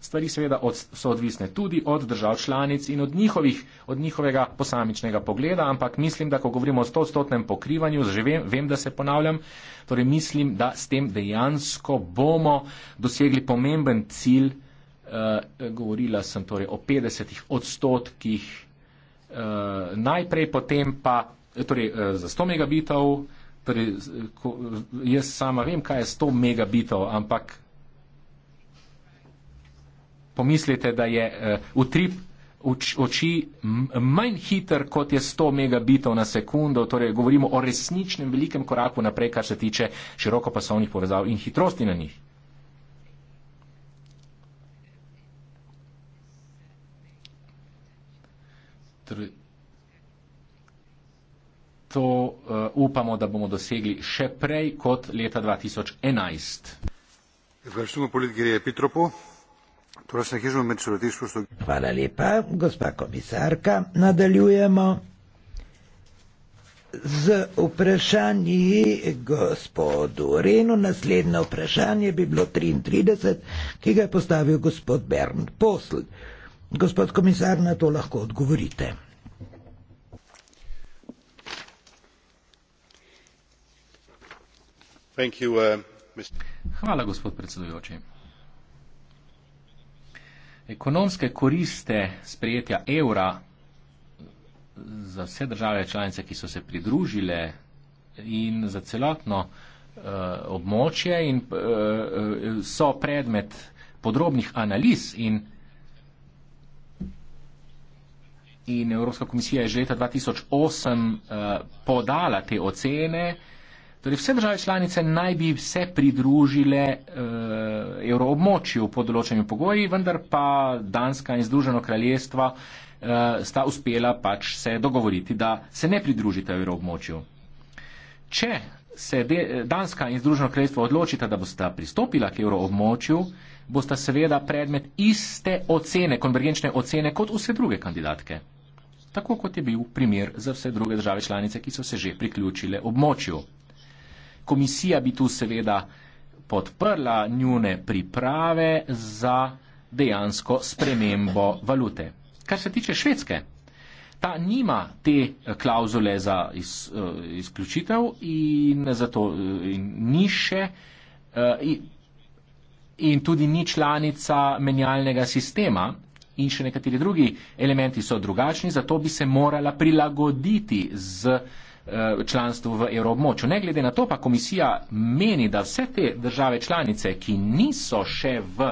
stvari seveda od, so odvisne tudi od držav članic in od, njihovih, od njihovega posamičnega pogleda, ampak mislim, da ko govorimo o stotstotnem pokrivanju, že vem, vem, da se ponavljam, torej mislim, da s tem dejansko bomo dosegli pomemben cilj, eh, govorila sem torej o 50 odstotkih eh, najprej, potem pa eh, torej, eh, za 100 megabitov, torej, eh, ko, eh, jaz sama vem, kaj je 100 megabitov, ampak pomislite, da je uh, utrip oči manj hiter, kot je 100 megabitov na sekundo. Torej, govorimo o resničnem velikem koraku naprej, kar se tiče širokopasovnih povezav in hitrosti na njih. Torej, to uh, upamo, da bomo dosegli še prej kot leta 2011. Torej, se nekaj med središču so. Hvala lepa, gospa komisarka. Nadaljujemo z vprašanji gospodu Renu. Naslednje vprašanje bi bilo 33, ki ga je postavil gospod Bernd Posl. Gospod komisar, na to lahko odgovorite. Uh, Hvala, gospod predsedujoči ekonomske koriste sprejetja evra za vse države članice, ki so se pridružile in za celotno uh, območje in uh, so predmet podrobnih analiz in, in Evropska komisija je že leta 2008 uh, podala te ocene uh, Torej, vse države članice naj bi se pridružile eh, evroobmočju pod določenimi pogoji, vendar pa Danska in Združeno kraljestvo eh, sta uspela pač se dogovoriti, da se ne pridružite evroobmočju. Če se de, eh, Danska in Združeno kraljestvo odločita, da bosta pristopila k evroobmočju, bosta seveda predmet iste ocene, konvergenčne ocene, kot vse druge kandidatke. Tako kot je bil primer za vse druge države članice, ki so se že priključile območju komisija bi tu seveda podprla njune priprave za dejansko spremembo valute. Kar se tiče švedske, ta nima te klauzule za iz, eh, izključitev in zato eh, ni še eh, in tudi ni članica menjalnega sistema in še nekateri drugi elementi so drugačni, zato bi se morala prilagoditi z. Eh, članstvu v evroobmočju. Ne glede na to pa komisija meni, da vse te države članice, ki niso še v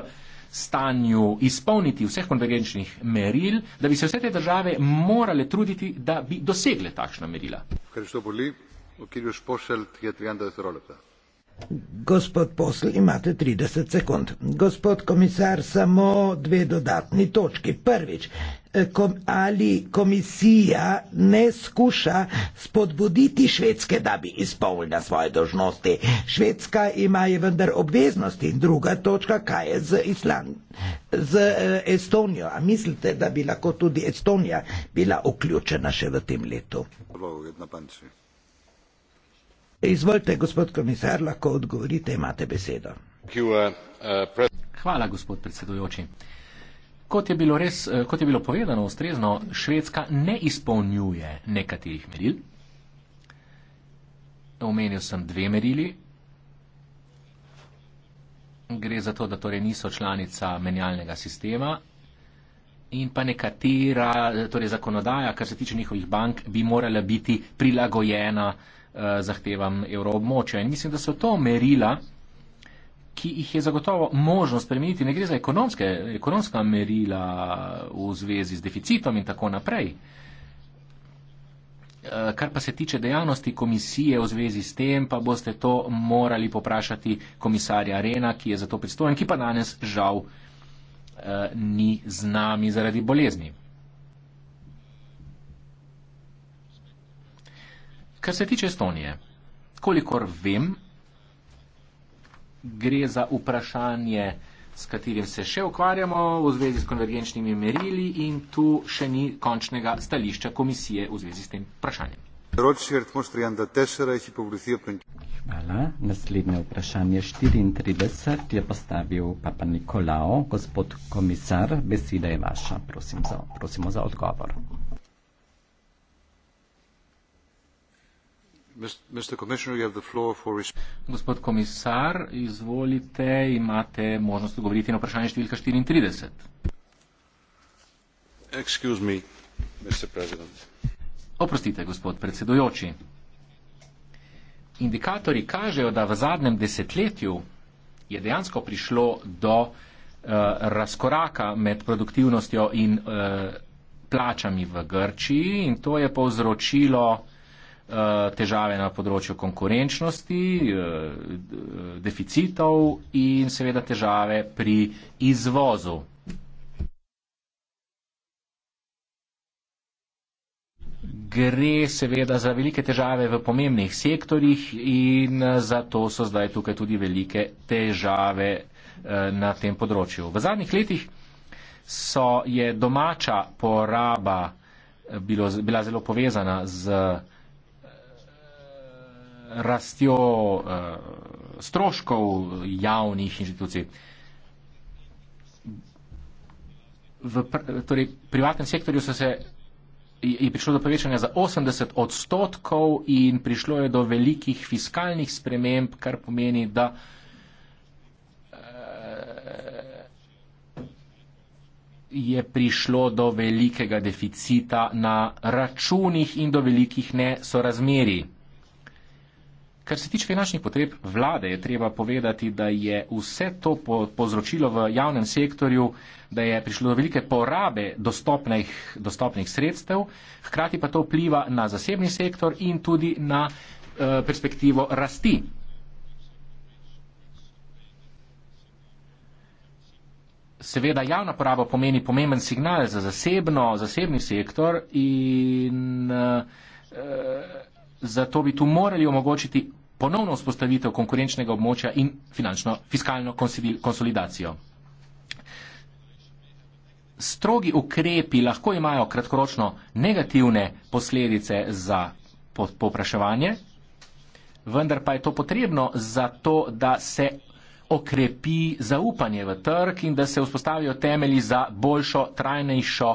stanju izpolniti vseh konvergenčnih meril, da bi se vse te države morale truditi, da bi dosegle takšna merila. Gospod posel, imate 30 sekund. Gospod komisar, samo dve dodatni točki. Prvič, Eh, kom, ali komisija ne skuša spodbuditi švedske, da bi izpolnila svoje dožnosti. Švedska ima je vendar obveznosti. Druga točka, kaj je z Island, z eh, Estonijo. A mislite, da bi lahko tudi Estonija bila vključena še v tem letu? Izvolite, gospod komisar, lahko odgovorite, imate besedo. Hvala, gospod predsedujoči. Kot je bilo res, eh, kot je bilo povedano, ustrezno, Švedska ne izpolnjuje nekaterih meril. Omenil sem dve merili. Gre za to, da torej niso članica menjalnega sistema in pa nekatera eh, torej zakonodaja, kar se tiče njihovih bank, bi morala biti prilagojena eh, zahtevam evroobmočja. In mislim, da so to merila, ki jih je zagotovo možno spremeniti. Ne gre za ekonomska merila v zvezi z deficitom in tako naprej. Eh, kar pa se tiče dejavnosti komisije v zvezi s tem, pa boste to morali poprašati komisarja Rena, ki je za to pristojen, ki pa danes žal eh, ni z nami zaradi bolezni. Kar se tiče Estonije, kolikor vem, gre za vprašanje, s katerim se še ukvarjamo v zvezi s konvergenčnimi merili in tu še ni končnega stališča komisije v zvezi s tem vprašanjem. Hvala. Naslednje vprašanje 34 je postavil Papa Nikolao. Gospod komisar, beseda je vaša. Prosim za, prosimo za odgovor. Gospod komisar, izvolite, imate možnost govoriti na vprašanje številka 34. Me, Oprostite, gospod predsedujoči. Indikatori kažejo, da v zadnjem desetletju je dejansko prišlo do uh, razkoraka med produktivnostjo in uh, plačami v Grčiji in to je povzročilo uh, Eh, težave na področju konkurenčnosti, eh, deficitov in seveda težave pri izvozu. Gre seveda za velike težave v pomembnih sektorjih in eh, zato so zdaj tukaj tudi velike težave na tem področju. V zadnjih letih so je domača poraba bilo, bila zelo povezana z rastjo eh, stroškov javnih inštitucij. V torej, privatnem sektorju so se je prišlo do povečanja za 80 odstotkov in prišlo je do velikih fiskalnih sprememb, kar pomeni, da eh, je prišlo do velikega deficita na računih in do velikih nesorazmerij. Kar se tiče finančnih potreb vlade, je treba povedati, da je vse to po, povzročilo v javnem sektorju, da je prišlo do velike porabe dostopnih, dostopnih sredstev, hkrati pa to vpliva na zasebni sektor in tudi na eh, perspektivo rasti. Seveda javna poraba pomeni pomemben signal za zasebno, zasebni sektor in e, zato bi tu morali omogočiti ponovno vzpostavitev konkurenčnega območja in finančno fiskalno konsolidacijo. Strogi ukrepi lahko imajo kratkoročno negativne posledice za popraševanje, vendar pa je to potrebno zato, da se okrepi zaupanje v trg in da se vzpostavijo temelji za boljšo, trajnejšo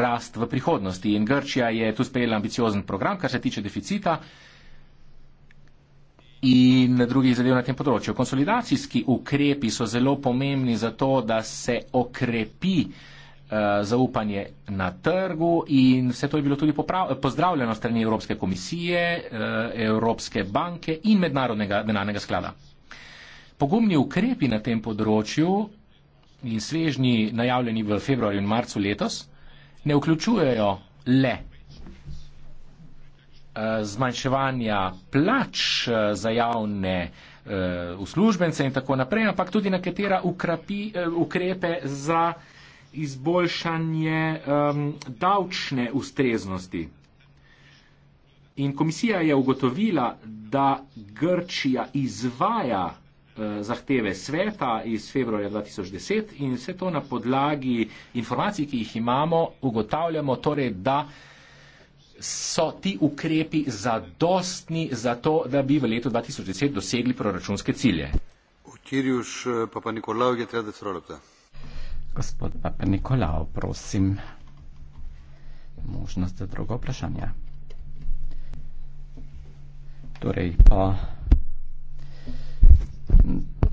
rast v prihodnosti. In Grčija je tu sprejela ambiciozen program, kar se tiče deficita in drugih zadev na tem področju. Konsolidacijski ukrepi so zelo pomembni za to, da se okrepi eh, zaupanje na trgu in vse to je bilo tudi pozdravljeno strani Evropske komisije, eh, Evropske banke in Mednarodnega denarnega sklada. Pogumni ukrepi na tem področju in svežni najavljeni v februarju in marcu letos ne vključujejo le Eh, zmanjševanja plač eh, za javne eh, uslužbence in tako naprej, ampak tudi nekatera ukrepe za izboljšanje davčne ustreznosti. In komisija je ugotovila, da Grčija izvaja zahteve sveta iz februarja 2010 in vse to na podlagi informacij, ki jih imamo, ugotavljamo torej, da so ti ukrepi zadostni za to, da bi v letu 2010 dosegli proračunske cilje. Kirjuš, eh, papa Nikolaov je treba, da se rolepta. Gospod papa Nikolaov, prosim, možnost za drugo vprašanje. Torej, po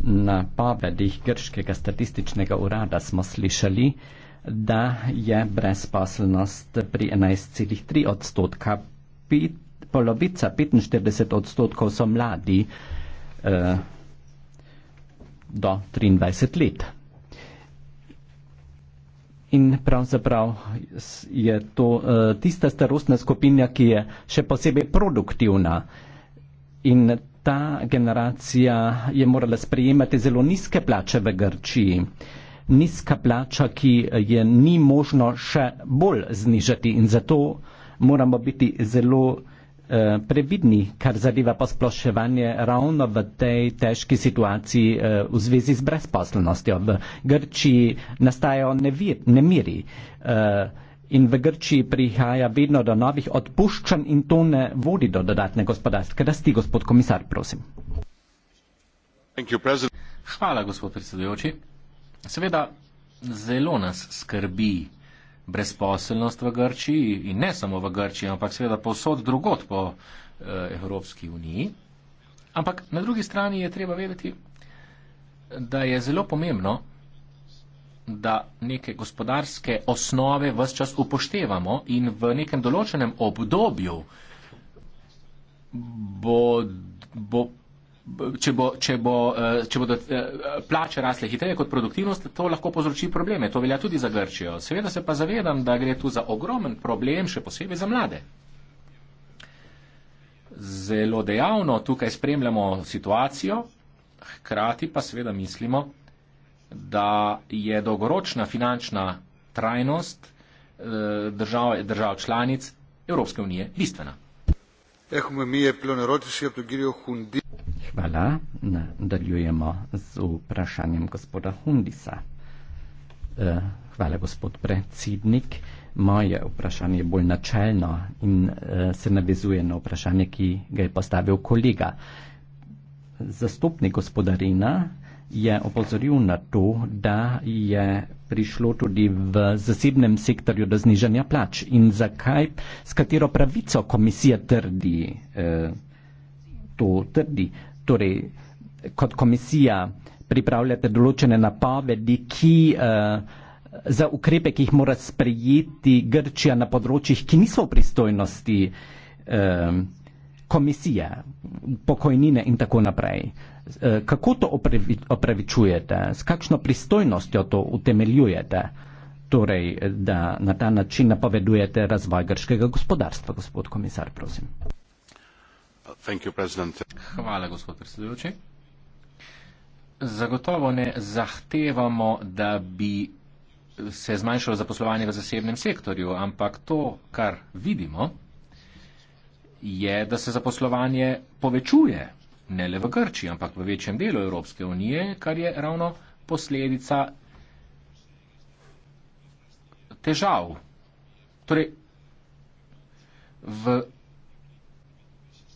napovedih Grškega statističnega urada smo slišali, da je brezposelnost pri 11,3 odstotka. Pit, polovica, 45 odstotkov so mladi eh, do 23 let. In pravzaprav je to eh, tista starostna skupina, ki je še posebej produktivna. In ta generacija je morala sprejemati zelo nizke plače v Grčiji. Eh, nizka plača, ki je ni možno še bolj znižati in zato moramo biti zelo eh, previdni, kar zadeva posploševanje ravno v tej težki situaciji eh, v zvezi z brezposelnostjo. V Grčiji nastajajo nemiri eh, in v Grčiji prihaja vedno do novih odpuščanj in to ne vodi do dodatne gospodarske rasti, gospod komisar, prosim. Hvala, gospod predsedujoči. Seveda, zelo nas skrbi brezposelnost v Grčiji in ne samo v Grčiji, ampak seveda povsod drugot po eh, Evropski uniji. Ampak na drugi strani je treba vedeti, da je zelo pomembno, da neke gospodarske osnove vse čas upoštevamo in v nekem določenem obdobju bo, bo če, bo, če, bo, eh, če bodo eh, plače rasle hitreje kot produktivnost, to lahko povzroči probleme. To velja tudi za Grčijo. Seveda se pa zavedam, da gre tu za ogromen problem, še posebej za mlade. Zelo dejavno tukaj spremljamo situacijo, hkrati pa seveda mislimo, da je dolgoročna finančna trajnost eh, držav, držav članic Evropske unije bistvena. Hvala. Nadaljujemo z vprašanjem gospoda Hundisa. E, hvala, gospod predsednik. Moje vprašanje je bolj načelno in e, se navezuje na vprašanje, ki ga je postavil kolega. Zastopnik gospodarina je opozoril na to, da je prišlo tudi v zasebnem sektorju do znižanja plač in zakaj, s katero pravico komisija trdi, eh, to trdi. Eh, torej, kot komisija pripravljate določene napovedi, ki uh, za ukrepe, ki jih mora sprejeti Grčija na področjih, ki niso v pristojnosti uh, komisije, pokojnine in tako naprej. Uh, kako to opravi, opravičujete, s kakšno pristojnostjo to utemeljujete, torej, da na ta način napovedujete razvoj grškega gospodarstva, gospod komisar, prosim. Hvala, gospod predsedujoči. Zagotovo ne zahtevamo, da bi se zmanjšalo zaposlovanje v zasebnem sektorju, ampak to, kar vidimo, je, da se zaposlovanje povečuje, ne le v Grčiji, ampak v večjem delu Evropske unije, kar je ravno posledica težav. Torej, v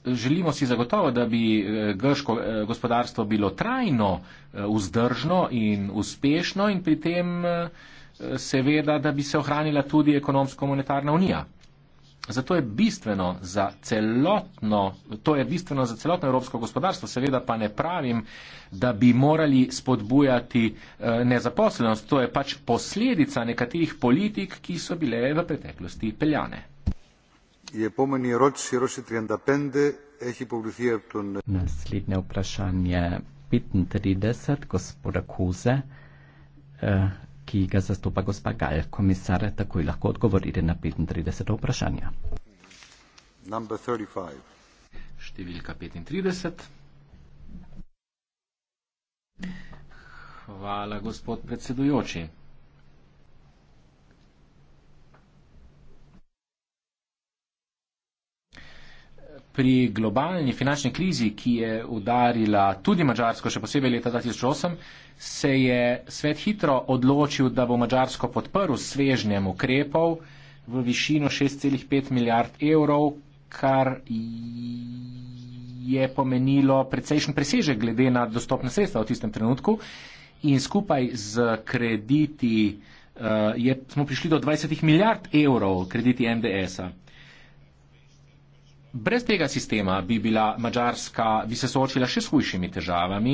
želimo si zagotovo, da bi eh, grško eh, gospodarstvo bilo trajno, eh, vzdržno in uspešno in pri tem seveda, da bi se ohranila tudi ekonomsko-monetarna unija. Zato je bistveno za celotno, to je bistveno za celotno evropsko gospodarstvo, seveda pa ne pravim, da bi morali spodbujati nezaposlenost, to je pač posledica nekaterih politik, ki so bile v preteklosti peljane. Naslednje vprašanje, 35, gospoda Kuze, eh, ki ga zastopa gospa Gal. Komisar, takoj lahko odgovorite na 35 vprašanje. Številka 35. Hvala, gospod predsedujoči. pri globalni finančni krizi, ki je udarila tudi Mačarsko, še posebej leta 2008, se je svet hitro odločil, da bo Mačarsko podprl svežnjem ukrepov v višino 6,5 milijard evrov, kar je pomenilo precejšen presežek glede na dostopne sredstva v tistem trenutku in skupaj z krediti. Uh, je, smo prišli do 20 milijard evrov krediti MDS-a. Brez tega sistema bi bila Mačarska, bi se soočila še s hujšimi težavami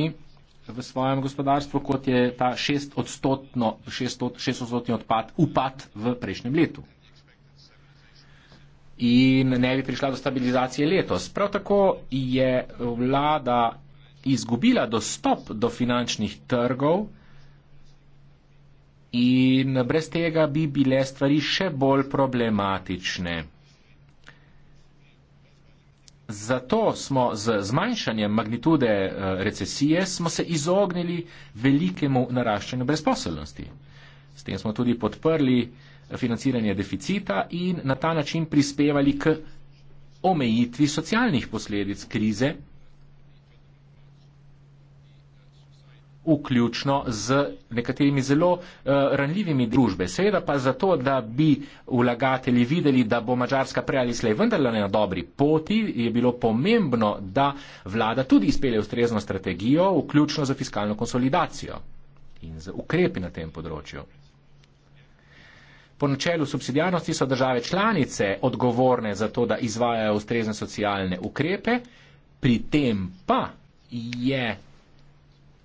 v svojem gospodarstvu, kot je ta šestodstotno, šestodstotni odpad, upad v prejšnjem letu. In ne bi prišla do stabilizacije letos. Prav tako je vlada izgubila dostop do finančnih trgov in brez tega bi bile stvari še bolj problematične. Zato smo z zmanjšanjem magnitude eh, recesije smo se izognili velikemu naraščanju brezposelnosti. S tem smo tudi podprli financiranje deficita in na ta način prispevali k omejitvi socialnih posledic krize vključno z nekaterimi zelo uh, ranljivimi družbe. Seveda pa zato, da bi vlagatelji videli, da bo Mačarska prej ali slej vendarle na dobri poti, je bilo pomembno, da vlada tudi izpelje ustrezno strategijo, vključno za fiskalno konsolidacijo in za ukrepi na tem področju. Po načelu subsidijarnosti so države članice odgovorne za to, da izvajajo ustrezne socialne ukrepe, pri tem pa je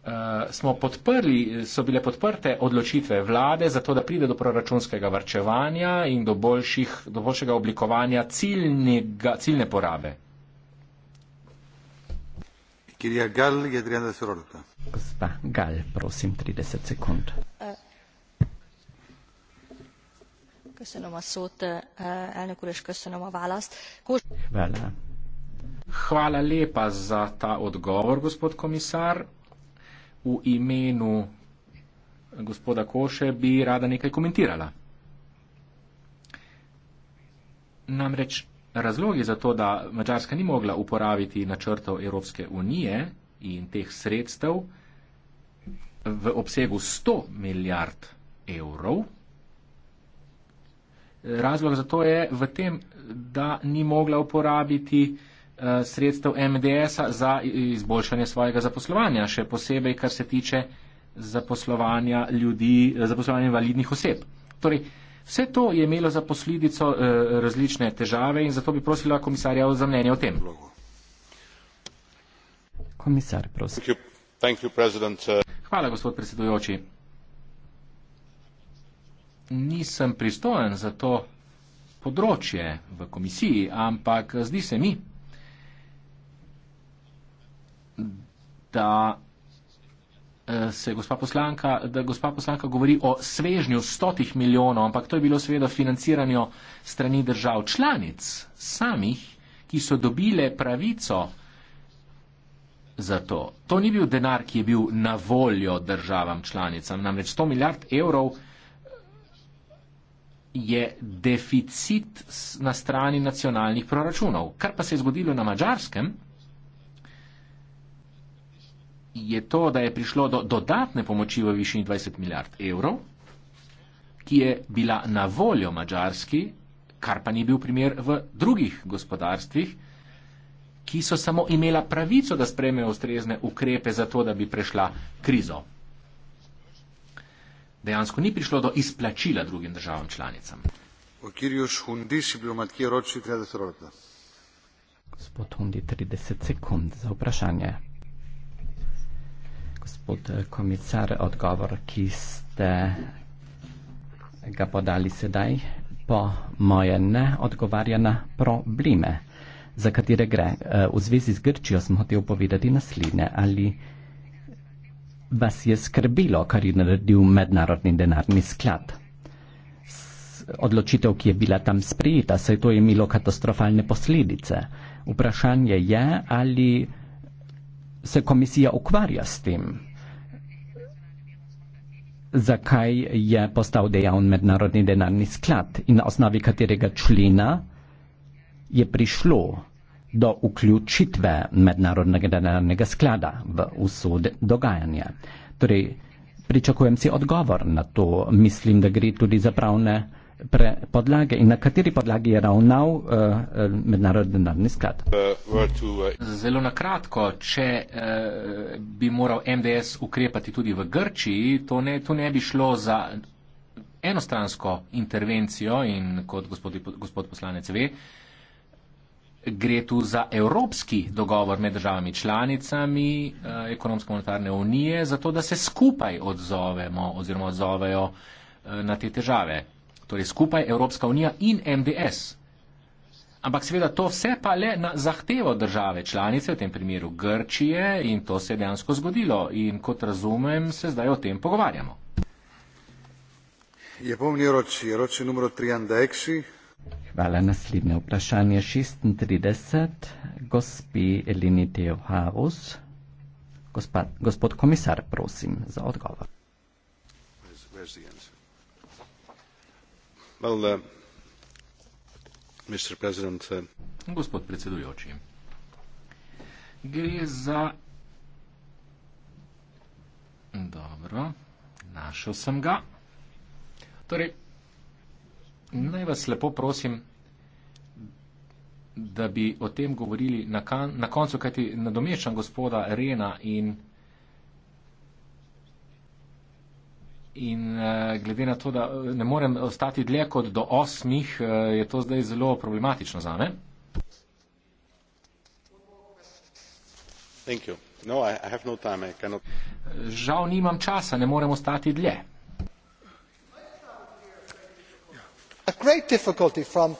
Eh, smo podprli, so bile podprte odločitve vlade za to, da pride do proračunskega varčevanja in do, boljših, do boljšega oblikovanja ciljnega, ciljne porabe. Kirja Gal je 30 sekund. Gospa Gal, prosim, 30 sekund. Eh, köszönöm a szót, eh, elnök úr, és köszönöm a választ. Kus... Hvala lepa za ta odgovor, gospod komisár v imenu gospoda Koše bi rada nekaj komentirala. Namreč razlogi za to, da Mačarska ni mogla uporabiti načrtov Evropske unije in teh sredstev v obsegu 100 milijard evrov, razlog za to je v tem, da ni mogla uporabiti Eh, sredstev MDS-a za izboljšanje svojega zaposlovanja, še posebej, kar se tiče zaposlovanja ljudi, eh, zaposlovanja invalidnih oseb. Torej, vse to je imelo za posledico eh, različne težave in zato bi prosila komisarja za mnenje o tem. Komisar, prosim. Thank you, president. Uh, Hvala, gospod predsedujoči. Nisem pristojen za to področje v komisiji, ampak zdi se mi, da eh, se gospa poslanka, da gospa poslanka govori o svežnju stotih milijonov, ampak to je bilo seveda financiranje strani držav članic samih, ki so dobile pravico za to. To ni bil denar, ki je bil na voljo državam članicam, namreč 100 milijard evrov je deficit na strani nacionalnih proračunov. Kar pa se je zgodilo na Mačarskem, je to, da je prišlo do dodatne pomoči v višini 20 milijard evrov, ki je bila na voljo Mačarski, kar pa ni bil primer v drugih gospodarstvih, ki so samo imela pravico, da sprejmejo ustrezne ukrepe za to, da bi prešla krizo. Dejansko ni prišlo do izplačila drugim državam članicam. Gospod Hundi, 30 sekund za vprašanje gospod eh, komisar, odgovor, ki ste ga podali sedaj, po moje ne odgovarja na probleme, za katere gre. Eh, v zvezi z Grčijo smo hotel povedati naslednje. Ali vas je skrbilo, kar je naredil mednarodni denarni sklad? Odločitev, ki je bila tam sprejeta, saj to je imelo katastrofalne posledice. Vprašanje je, ali se komisija ukvarja s tem? Zakaj je postal dejavn mednarodni denarni sklad in na osnovi katerega člena je prišlo do vključitve mednarodnega denarnega sklada v vso dogajanje? Torej, pričakujem si odgovor na to. Mislim, da gre tudi za pravne pre, podlage in na kateri podlagi je ravnal uh, mednarodni denarni sklad. Uh, uh, Zelo na kratko, če uh, bi moral MDS ukrepati tudi v Grčiji, to ne, to ne bi šlo za enostransko intervencijo in kot gospod, gospod poslanec ve, gre tu za evropski dogovor med državami članicami uh, ekonomsko-monetarne unije, zato da se skupaj odzovemo oziroma odzovejo uh, na te težave torej skupaj Evropska unija in MDS. Ampak seveda to vse pa le na zahtevo države članice, v tem primeru Grčije, in to se je dejansko zgodilo. In kot razumem, se zdaj o tem pogovarjamo. Hvala. Naslednje vprašanje 36. Gospi Elini Teoharus. Gospod komisar, prosim za odgovor. Where's, where's Uh, uh, Gospod predsedujoči, gre za. Dobro, našel sem ga. Torej, naj vas lepo prosim, da bi o tem govorili na, kan, na koncu, kajti nadomeščam gospoda Rena in. In uh, glede na to, da eh, ne morem ostati dlje kot do osmih, uh, je to zdaj zelo problematično za me. No, I have no time. I cannot... Žal nimam časa, ne morem ostati dlje. From...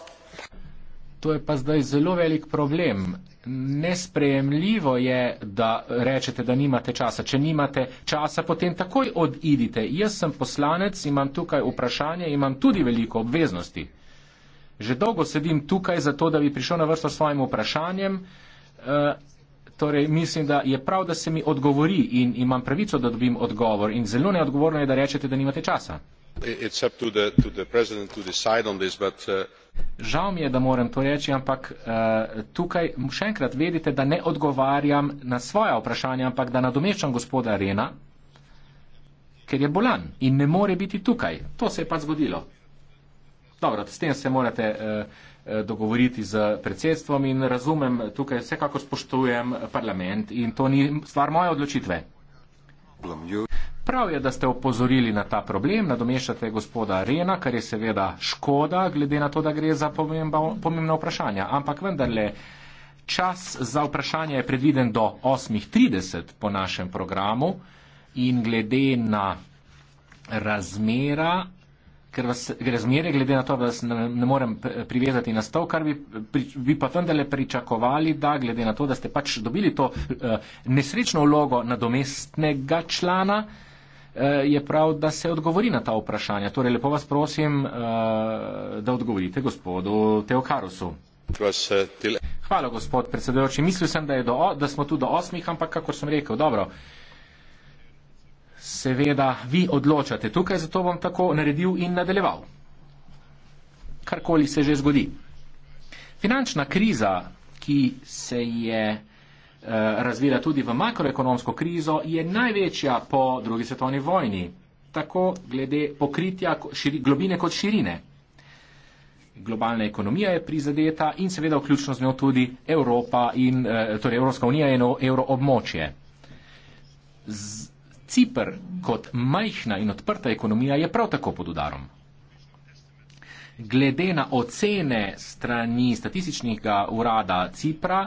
To je pa zdaj zelo velik problem. Nesprejemljivo je, da rečete, da nimate časa. Če nimate časa, potem takoj odidite. Jaz sem poslanec, imam tukaj vprašanje, imam tudi veliko obveznosti. Že dolgo sedim tukaj, zato da bi prišel na vrsto s svojim vprašanjem. E, torej, mislim, da je prav, da se mi odgovori in imam pravico, da dobim odgovor. In zelo neodgovorno je, da rečete, da nimate časa. To, to decide, but, uh, Žal mi je, da moram to reči, ampak uh, tukaj še enkrat vedite, da ne odgovarjam na svoja vprašanja, ampak da nadomeščam gospoda Arena, ker je bolan in ne more biti tukaj. To se je pa zgodilo. Dobro, s tem se morate uh, dogovoriti z predsedstvom in razumem, tukaj vsekako spoštujem parlament in to ni stvar moje odločitve. Blum, you... Prav je, da ste opozorili na ta problem, nadomeščate gospoda Rena, kar je seveda škoda, glede na to, da gre za pomembno, pomembno vprašanje. Ampak vendarle, čas za vprašanje je predviden do 8.30 po našem programu in glede na razmera. Ker vas razmere, glede na to, da vas ne, ne morem privezati na stol, kar bi, pri, bi pa vendarle pričakovali, da glede na to, da ste pač dobili to uh, nesrečno vlogo nadomestnega člana, uh, Eh, je prav, da se odgovori na ta vprašanja. Torej, lepo vas prosim, eh, da odgovorite gospodu Teokarusu. Hvala, gospod predsedujoči. Mislil sem, da, do, da smo tu do osmih, ampak kakor sem rekel, dobro. Seveda, vi odločate tukaj, zato bom tako naredil in nadaljeval. Karkoli se že zgodi. Finančna kriza, ki se je. Eh, razvila tudi v makroekonomsko krizo, je največja po drugi svetovni vojni, tako glede pokritja širi, globine kot širine. Globalna ekonomija je prizadeta in seveda vključno z njo tudi Evropa in eh, torej Evropska unija in euroobmočje. Cipr kot majhna in odprta ekonomija je prav tako pod udarom. Glede na ocene strani statističnega urada Cipra,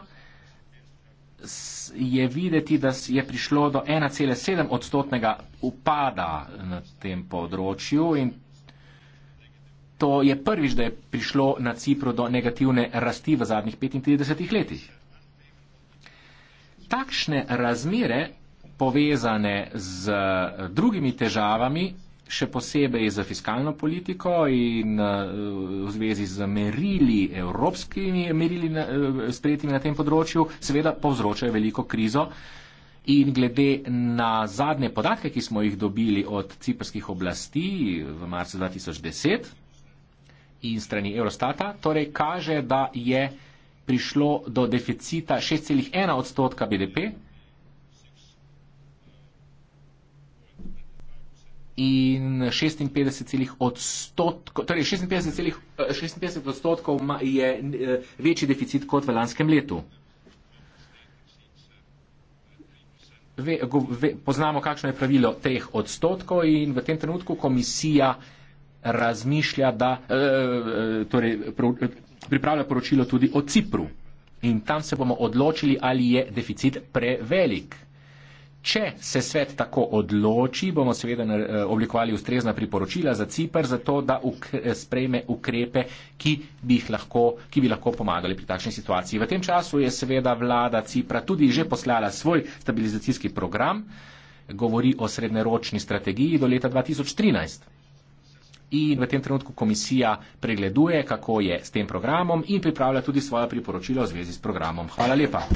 je videti, da je prišlo do 1,7 odstotnega upada na tem področju in to je prvič, da je prišlo na Cipro do negativne rasti v zadnjih 35 letih. Takšne razmere povezane z drugimi težavami še posebej za fiskalno politiko in eh, v zvezi z merili, evropskimi merili eh, sprejetimi na tem področju, seveda povzročajo veliko krizo. In glede na zadnje podatke, ki smo jih dobili od ciprskih oblasti v marcu 2010 in strani Eurostata, torej kaže, da je prišlo do deficita 6,1 odstotka BDP in 56,5 odstotkov, torej 56 eh, odstotkov je eh, večji deficit kot v lanskem letu. Ve, go, ve, poznamo, kakšno je pravilo teh odstotkov in v tem trenutku komisija razmišlja, da eh, torej, pripravlja poročilo tudi o Cipru. In tam se bomo odločili, ali je deficit prevelik. Če se svet tako odloči, bomo seveda eh, oblikovali ustrezna priporočila za CIPR, zato da ukre, eh, sprejme ukrepe, ki bi, lahko, ki bi lahko pomagali pri takšni situaciji. V tem času je seveda vlada CIPRA tudi že poslala svoj stabilizacijski program, govori o srednjeročni strategiji do leta 2013. In v tem trenutku komisija pregleduje, kako je s tem programom in pripravlja tudi svoja priporočila v zvezi s programom. Hvala lepa.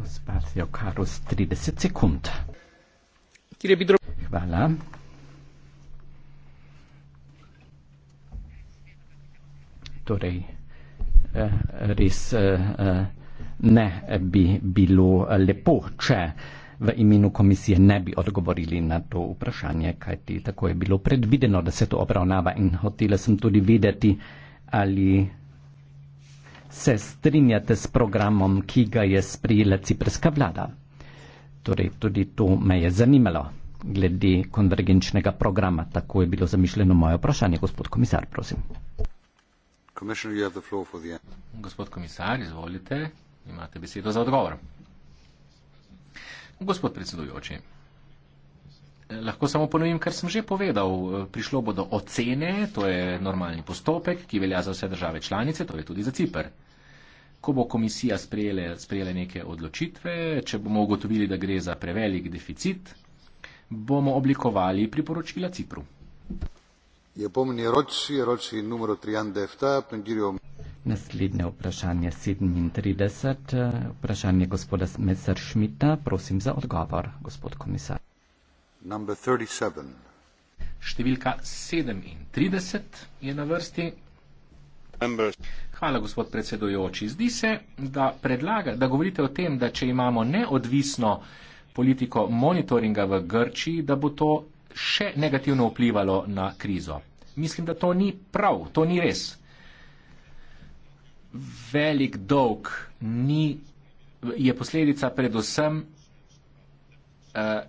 Gospa Fjokarus, 30 sekund. Hvala. Torej, eh, res eh, ne bi bilo lepo, če v imenu komisije ne bi odgovorili na to vprašanje, kajti tako je bilo predvideno, da se to obravnava in hotela sem tudi vedeti, ali se strinjate s programom, ki ga je sprijela ciprska vlada. Torej, tudi to me je zanimalo glede konvergenčnega programa. Tako je bilo zamišljeno moje vprašanje, gospod komisar, prosim. Gospod komisar, izvolite, imate besedo za odgovor. Gospod predsedujoči, Lahko samo ponovim, kar sem že povedal. Prišlo bodo ocene, to je normalni postopek, ki velja za vse države članice, torej tudi za Cipr. Ko bo komisija sprejela, sprejela neke odločitve, če bomo ugotovili, da gre za prevelik deficit, bomo oblikovali priporočila Cipru. Naslednje vprašanje 37. Vprašanje gospoda Messerschmita. Prosim za odgovor, gospod komisar. Številka 37 je na vrsti. Hvala, gospod predsedujoči. Zdi se, da, predlaga, da govorite o tem, da če imamo neodvisno politiko monitoringa v Grčiji, da bo to še negativno vplivalo na krizo. Mislim, da to ni prav, to ni res. Velik dolg ni, je posledica predvsem. Uh,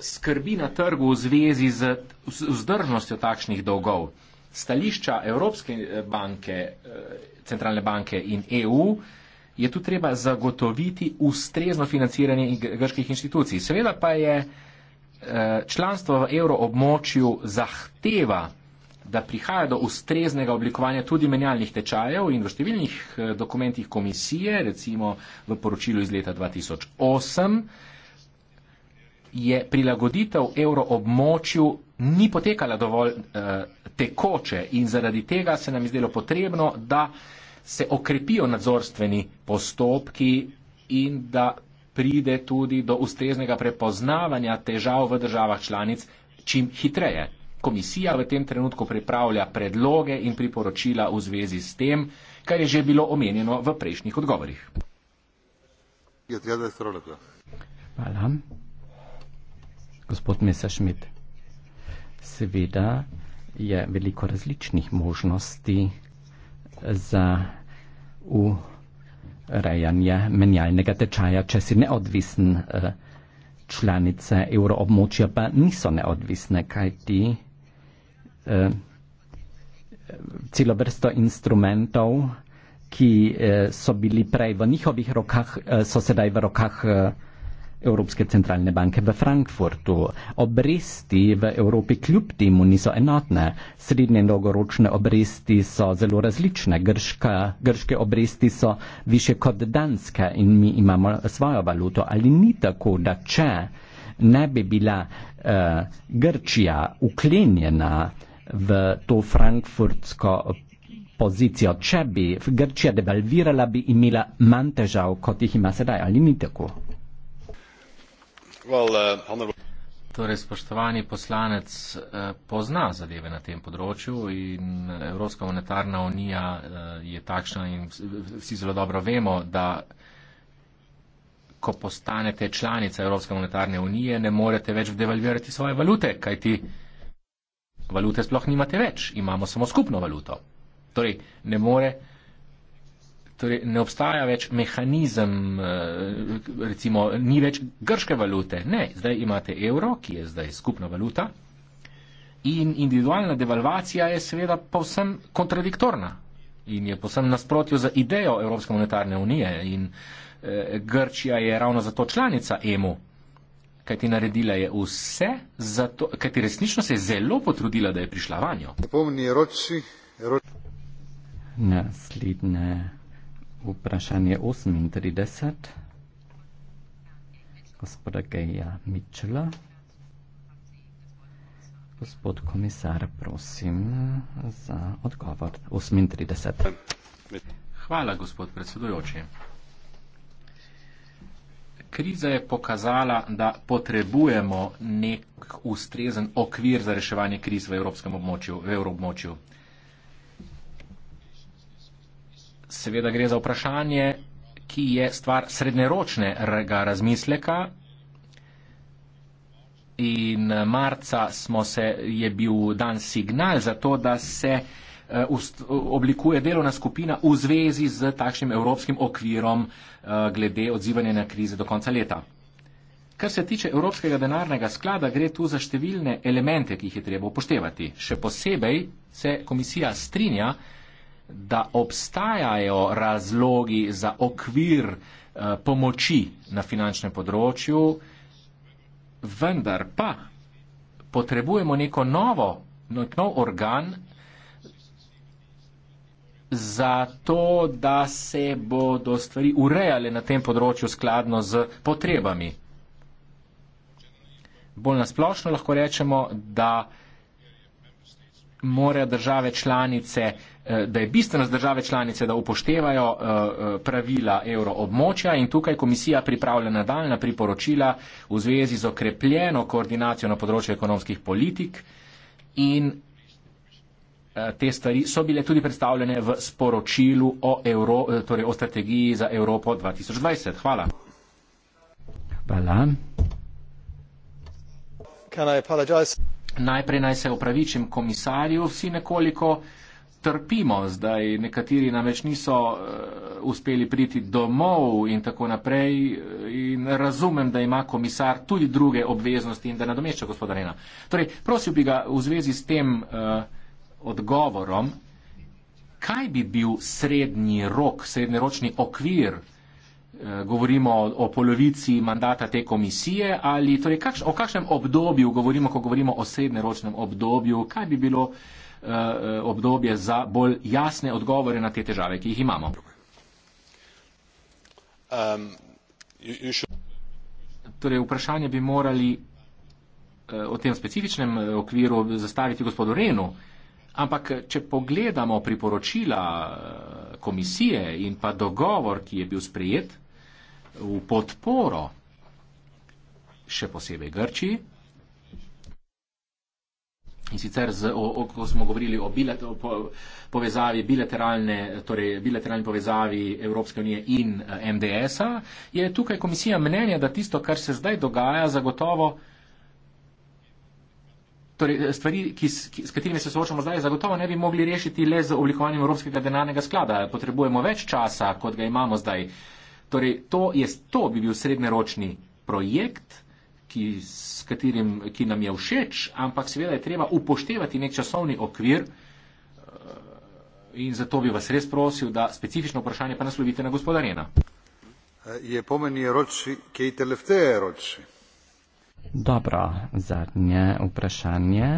skrbi na trgu v zvezi z vzdržnostjo takšnih dolgov? Stališča Evropske banke, eh, centralne banke in EU je tu treba zagotoviti ustrezno financiranje grških inštitucij. Seveda pa je eh, članstvo v evroobmočju zahteva, da prihaja do ustreznega oblikovanja tudi menjalnih tečajev in v številnih eh, dokumentih komisije, recimo v poročilu iz leta 2008, je prilagoditev evro območju ni potekala dovolj eh, tekoče in zaradi tega se nam je zdelo potrebno, da se okrepijo nadzorstveni postopki in da pride tudi do ustreznega prepoznavanja težav v državah članic čim hitreje. Komisija v tem trenutku pripravlja predloge in priporočila v zvezi s tem, kar je že bilo omenjeno v prejšnjih odgovorih. Hvala gospod Messerschmidt. Seveda je veliko različnih možnosti za urejanje menjalnega tečaja, če si neodvisen eh, članice euroobmočja, pa niso neodvisne, kaj ti eh, celo vrsto instrumentov, ki eh, so bili prej v njihovih rokah, so sedaj v rokah Evropske centralne banke v Frankfurtu. Obresti v Evropi kljub temu niso enotne. Srednje in dolgoročne obresti so zelo različne. Grška, grške obresti so više kot danske in mi imamo svojo valuto. Ali ni tako, da če ne bi bila eh, Grčija uklenjena v to frankfurtsko pozicijo, če bi Grčija devalvirala, bi imela manj težav, kot jih ima sedaj? Ali ni tako? Uh, torej, spoštovani poslanec eh, pozna zadeve na tem področju in Evropska monetarna unija eh, je takšna in vsi zelo dobro vemo, da ko postanete članica Evropske monetarne unije, ne morete več devalvirati svoje valute, kajti valute sploh nimate več, imamo samo skupno valuto. Torej, ne more Torej, ne obstaja več mehanizem, eh, recimo, ni več grške valute. Ne, zdaj imate evro, ki je zdaj skupna valuta. In individualna devalvacija je seveda povsem kontradiktorna in je povsem nasprotjo za idejo Evropske monetarne unije. In e, Grčija je ravno zato članica EMU, kajti naredila je vse, zato, kajti resnično se je zelo potrudila, da je prišla vanjo. Naslednje. Vprašanje 38. Gospoda Geja Mičela. Gospod komisar, prosim za odgovor. 38. Hvala, gospod predsedujoči. Kriza je pokazala, da potrebujemo nek ustrezen okvir za reševanje kriz v evropskem območju, v evroobmočju. seveda gre za vprašanje, ki je stvar srednjeročnega razmisleka. In eh, marca se, je bil dan signal za to, da se eh, oblikuje delovna skupina v zvezi z takšnim evropskim okvirom eh, glede odzivanja na krize do konca leta. Kar se tiče Evropskega denarnega sklada, gre tu za številne elemente, ki jih je treba upoštevati. Še posebej se komisija strinja, da obstajajo razlogi za okvir eh, pomoči na finančnem področju, vendar pa potrebujemo neko novo, nek nov organ za to, da se bodo stvari urejale na tem področju skladno z potrebami. Bolj nasplošno lahko rečemo, da morajo države članice, eh, da je bistveno z države članice, da upoštevajo eh, eh, pravila euroobmočja in tukaj komisija pripravlja nadaljna priporočila v zvezi z okrepljeno koordinacijo na področju ekonomskih politik in te stvari so bile tudi predstavljene v sporočilu o, Euro, torej o strategiji za Evropo 2020. Hvala. Hvala. Can I apologize? Najprej naj se opravičim komisarju, vsi nekoliko trpimo, zdaj nekateri nam več niso eh, uspeli priti domov in tako naprej eh, in razumem, da ima komisar tudi druge obveznosti in da nadomešča gospodarena. Torej, prosil bi ga v zvezi s tem uh, odgovorom, kaj bi bil srednji rok, srednjeročni okvir, uh, Eh, govorimo o polovici mandata te komisije ali torej kakš, o kakšnem obdobju govorimo, ko govorimo o srednjeročnem obdobju, kaj bi bilo eh, eh, obdobje za bolj jasne odgovore na te težave, ki jih imamo. Um, you, you should... Torej, vprašanje bi morali o tem specifičnem okviru zastaviti gospodu Renu, ampak če pogledamo priporočila komisije in pa dogovor, ki je bil sprejet, v podporo še posebej Grčiji. In sicer, z, o, o, ko smo govorili o, bilet, o po, povezavi bilateralne, torej bilateralne povezavi Evropske unije in eh, MDS-a, je tukaj komisija mnenja, da tisto, kar se zdaj dogaja, zagotovo, torej eh, stvari, ki, ki, s katerimi se soočamo zdaj, zagotovo ne bi mogli rešiti le z oblikovanjem Evropskega denarnega sklada. Potrebujemo več časa, kot ga imamo zdaj. Torej, to, je, to bi bil srednjeročni projekt, ki, s katerim, ki nam je všeč, ampak seveda je treba upoštevati nek časovni okvir eh, in zato bi vas res prosil, da specifično vprašanje pa naslovite na gospodarjena. Je pomeni roči, ki je telefteje roči. Dobro, zadnje vprašanje.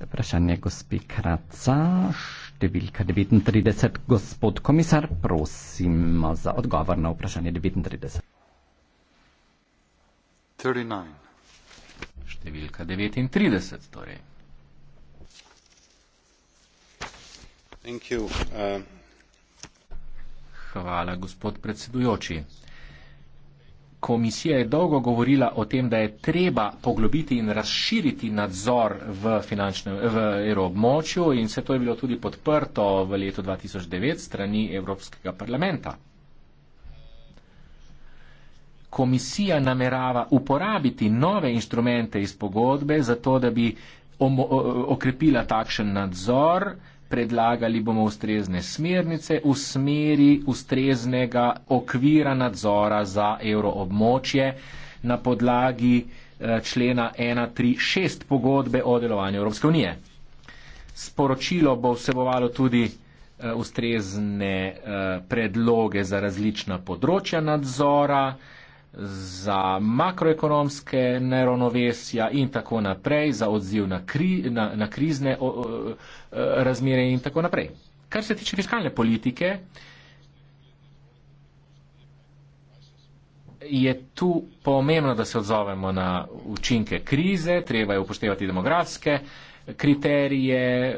Vprašanje gospi Kraca številka 39. Gospod komisar, prosim za odgovor na vprašanje 39. 39. Številka 39, torej. Thank you. Uh... Hvala, gospod predsedujoči komisija je dolgo govorila o tem, da je treba poglobiti in razširiti nadzor v, v evroobmočju in vse to je bilo tudi podprto v letu 2009 strani Evropskega parlamenta. Komisija namerava uporabiti nove instrumente iz pogodbe, zato da bi okrepila takšen nadzor predlagali bomo ustrezne smernice v smeri ustreznega okvira nadzora za evroobmočje na podlagi eh, člena 136 pogodbe o delovanju Evropske unije. Sporočilo bo vsebovalo tudi eh, ustrezne eh, predloge za različna področja nadzora, za makroekonomske neravnovesja in tako naprej, za odziv na, kri, na, na krizne o, o, e, razmere in tako naprej. Kar se tiče fiskalne politike, je tu pomembno, da se odzovemo na učinke krize, treba je upoštevati demografske kriterije, e,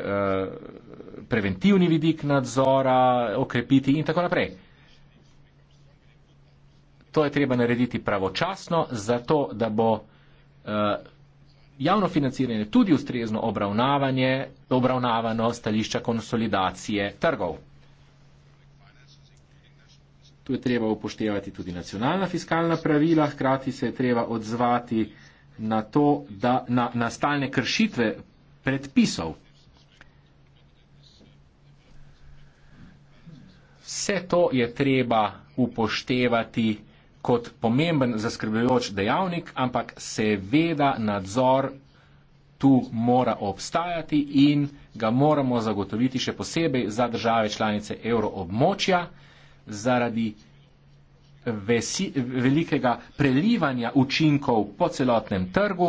preventivni vidik nadzora, okrepiti in tako naprej. To je treba narediti pravočasno, zato da bo eh, javno financiranje tudi ustrezno obravnavanje, obravnavano stališča konsolidacije trgov. Tu je treba upoštevati tudi nacionalna fiskalna pravila, hkrati se je treba odzvati na to, da na nastalne kršitve predpisov. Vse to je treba upoštevati kot pomemben zaskrbljujoč dejavnik, ampak seveda nadzor tu mora obstajati in ga moramo zagotoviti še posebej za države članice evroobmočja zaradi vesi, velikega prelivanja učinkov po celotnem trgu,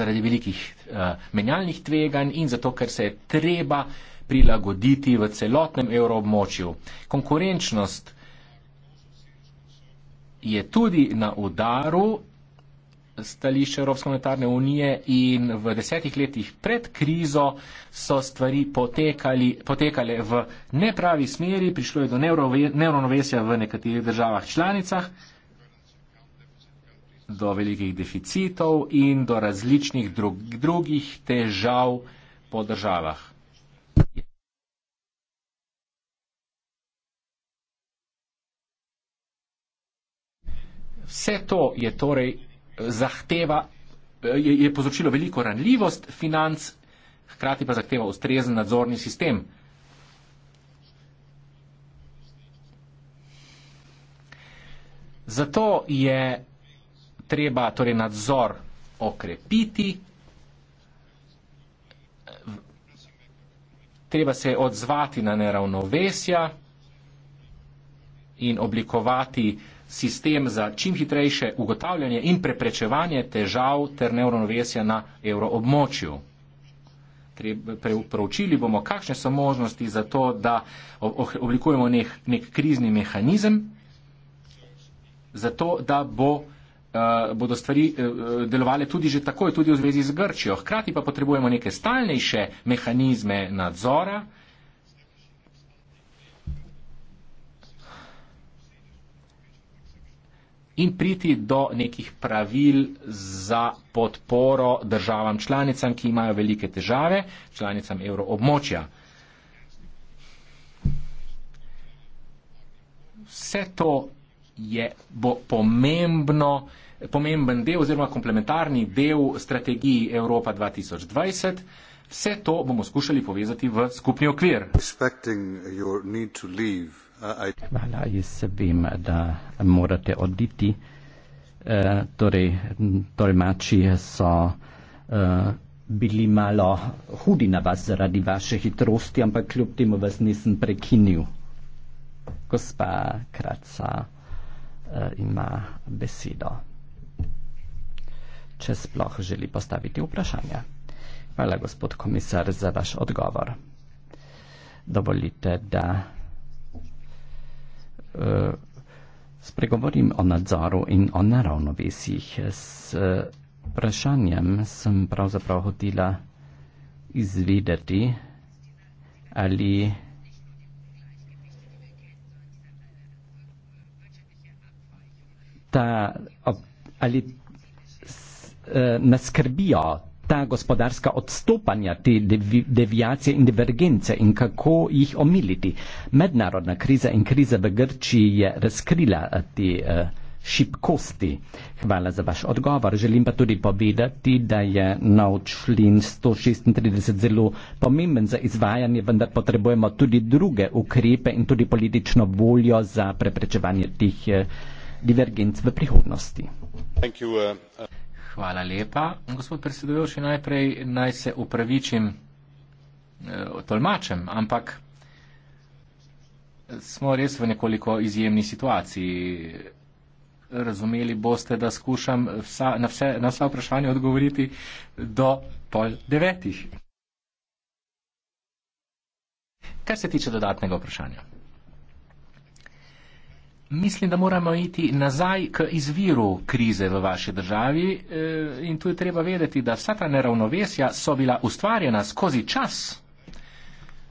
zaradi velikih uh, menjalnih tveganj in zato, ker se je treba prilagoditi v celotnem evroobmočju. Konkurenčnost je tudi na udaru stališče Evropske monetarne unije in v desetih letih pred krizo so stvari potekali, potekale v nepravi smeri, prišlo je do neuronovesja v nekaterih državah članicah, do velikih deficitov in do različnih drug, drugih težav po državah. Vse to je torej eh, zahteva, eh, je, je povzročilo veliko ranljivost financ, hkrati pa zahteva ustrezen nadzorni sistem. Zato je treba torej nadzor okrepiti, treba se odzvati na neravnovesja in oblikovati uh, sistem za čim hitrejše ugotavljanje in preprečevanje težav ter neuronovesja na evroobmočju. Preučili bomo, kakšne so možnosti za to, da oblikujemo nek, nek krizni mehanizem, zato da bo, uh, bodo stvari uh, delovale tudi že takoj, tudi v zvezi z Grčijo. Hkrati pa potrebujemo neke stalnejše mehanizme nadzora, uh, in priti do nekih pravil za podporo državam članicam, ki imajo velike težave, članicam evroobmočja. Vse to je bo pomembno, pomemben del oziroma komplementarni del strategiji Evropa 2020. Vse to bomo skušali povezati v skupni okvir. Hvala, jaz se vem, da morate oditi. E, torej, tolmači so e, bili malo hudi na vas zaradi vaše hitrosti, ampak kljub temu vas nisem prekinil. Gospa Kraca e, ima besedo. Če sploh želi postaviti vprašanje. Hvala, gospod komisar, za vaš odgovor. Dovolite, da. Eh, spregovorim o nadzoru in o neravnovesjih. S eh, vprašanjem sem pravzaprav hotela izvedeti, ali ta, ali s, uh, eh, naskrbijo ta gospodarska odstopanja, te deviacije in divergence in kako jih omiliti. Mednarodna kriza in kriza v Grčiji je razkrila eh, te eh, šibkosti. Hvala za vaš odgovor. Želim pa tudi povedati, da je nov člen 136 zelo pomemben za izvajanje, vendar potrebujemo tudi druge ukrepe in tudi politično voljo za preprečevanje teh eh, divergenc v prihodnosti. Thank you, uh, uh... Hvala lepa. Gospod predsedujoči, najprej naj se upravičim eh, tolmačem, ampak smo res v nekoliko izjemni situaciji. Razumeli boste, da skušam vsa, na, vse, na vsa vprašanja odgovoriti do pol devetih. Kar se tiče dodatnega vprašanja. Mislim, da moramo iti nazaj k izviru krize v vaši državi eh, in tu je treba vedeti, da vsa ta neravnovesja so bila ustvarjena skozi čas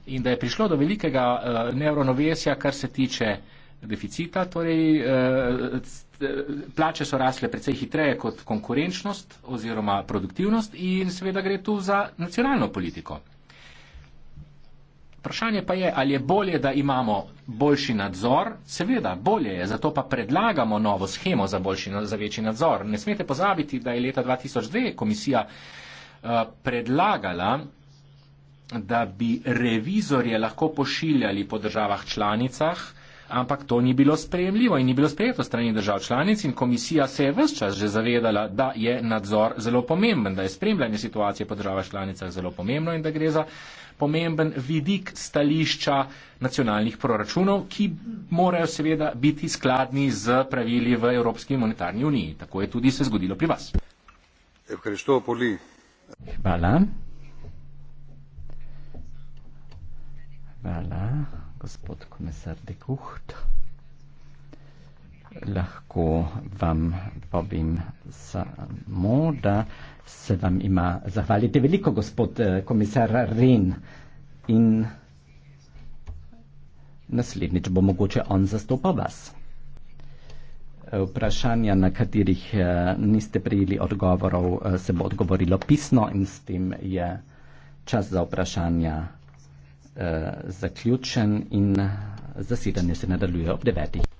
in da je prišlo do velikega eh, neravnovesja, kar se tiče deficita, torej eh, plače so rasle precej hitreje kot konkurenčnost oziroma produktivnost in seveda gre tu za nacionalno politiko. Vprašanje pa je, ali je bolje, da imamo boljši nadzor. Seveda, bolje je, zato pa predlagamo novo schemo za, boljši, za večji nadzor. Ne smete pozabiti, da je leta 2002 komisija uh, predlagala, da bi revizorje lahko pošiljali po državah članicah uh, ampak to ni bilo sprejemljivo in ni bilo sprejeto strani držav članic in komisija se je vse čas že zavedala, da je nadzor zelo pomemben, da je spremljanje situacije po državah članicah zelo pomembno in da gre za pomemben vidik stališča nacionalnih proračunov, ki morajo seveda biti skladni z pravili v Evropski monetarni uniji. Tako je tudi se zgodilo pri vas. Hvala. Hvala gospod komisar de Kucht, lahko vam povem samo, da se vam ima zahvaliti veliko, gospod eh, komisar Ren. In naslednjič bo mogoče on zastopal vas. Vprašanja, na katerih eh, niste prejeli odgovorov, eh, se bo odgovorilo pisno in s tem je čas za vprašanja. Eh, zaključen in zasedanje se nadaljuje ob devetih.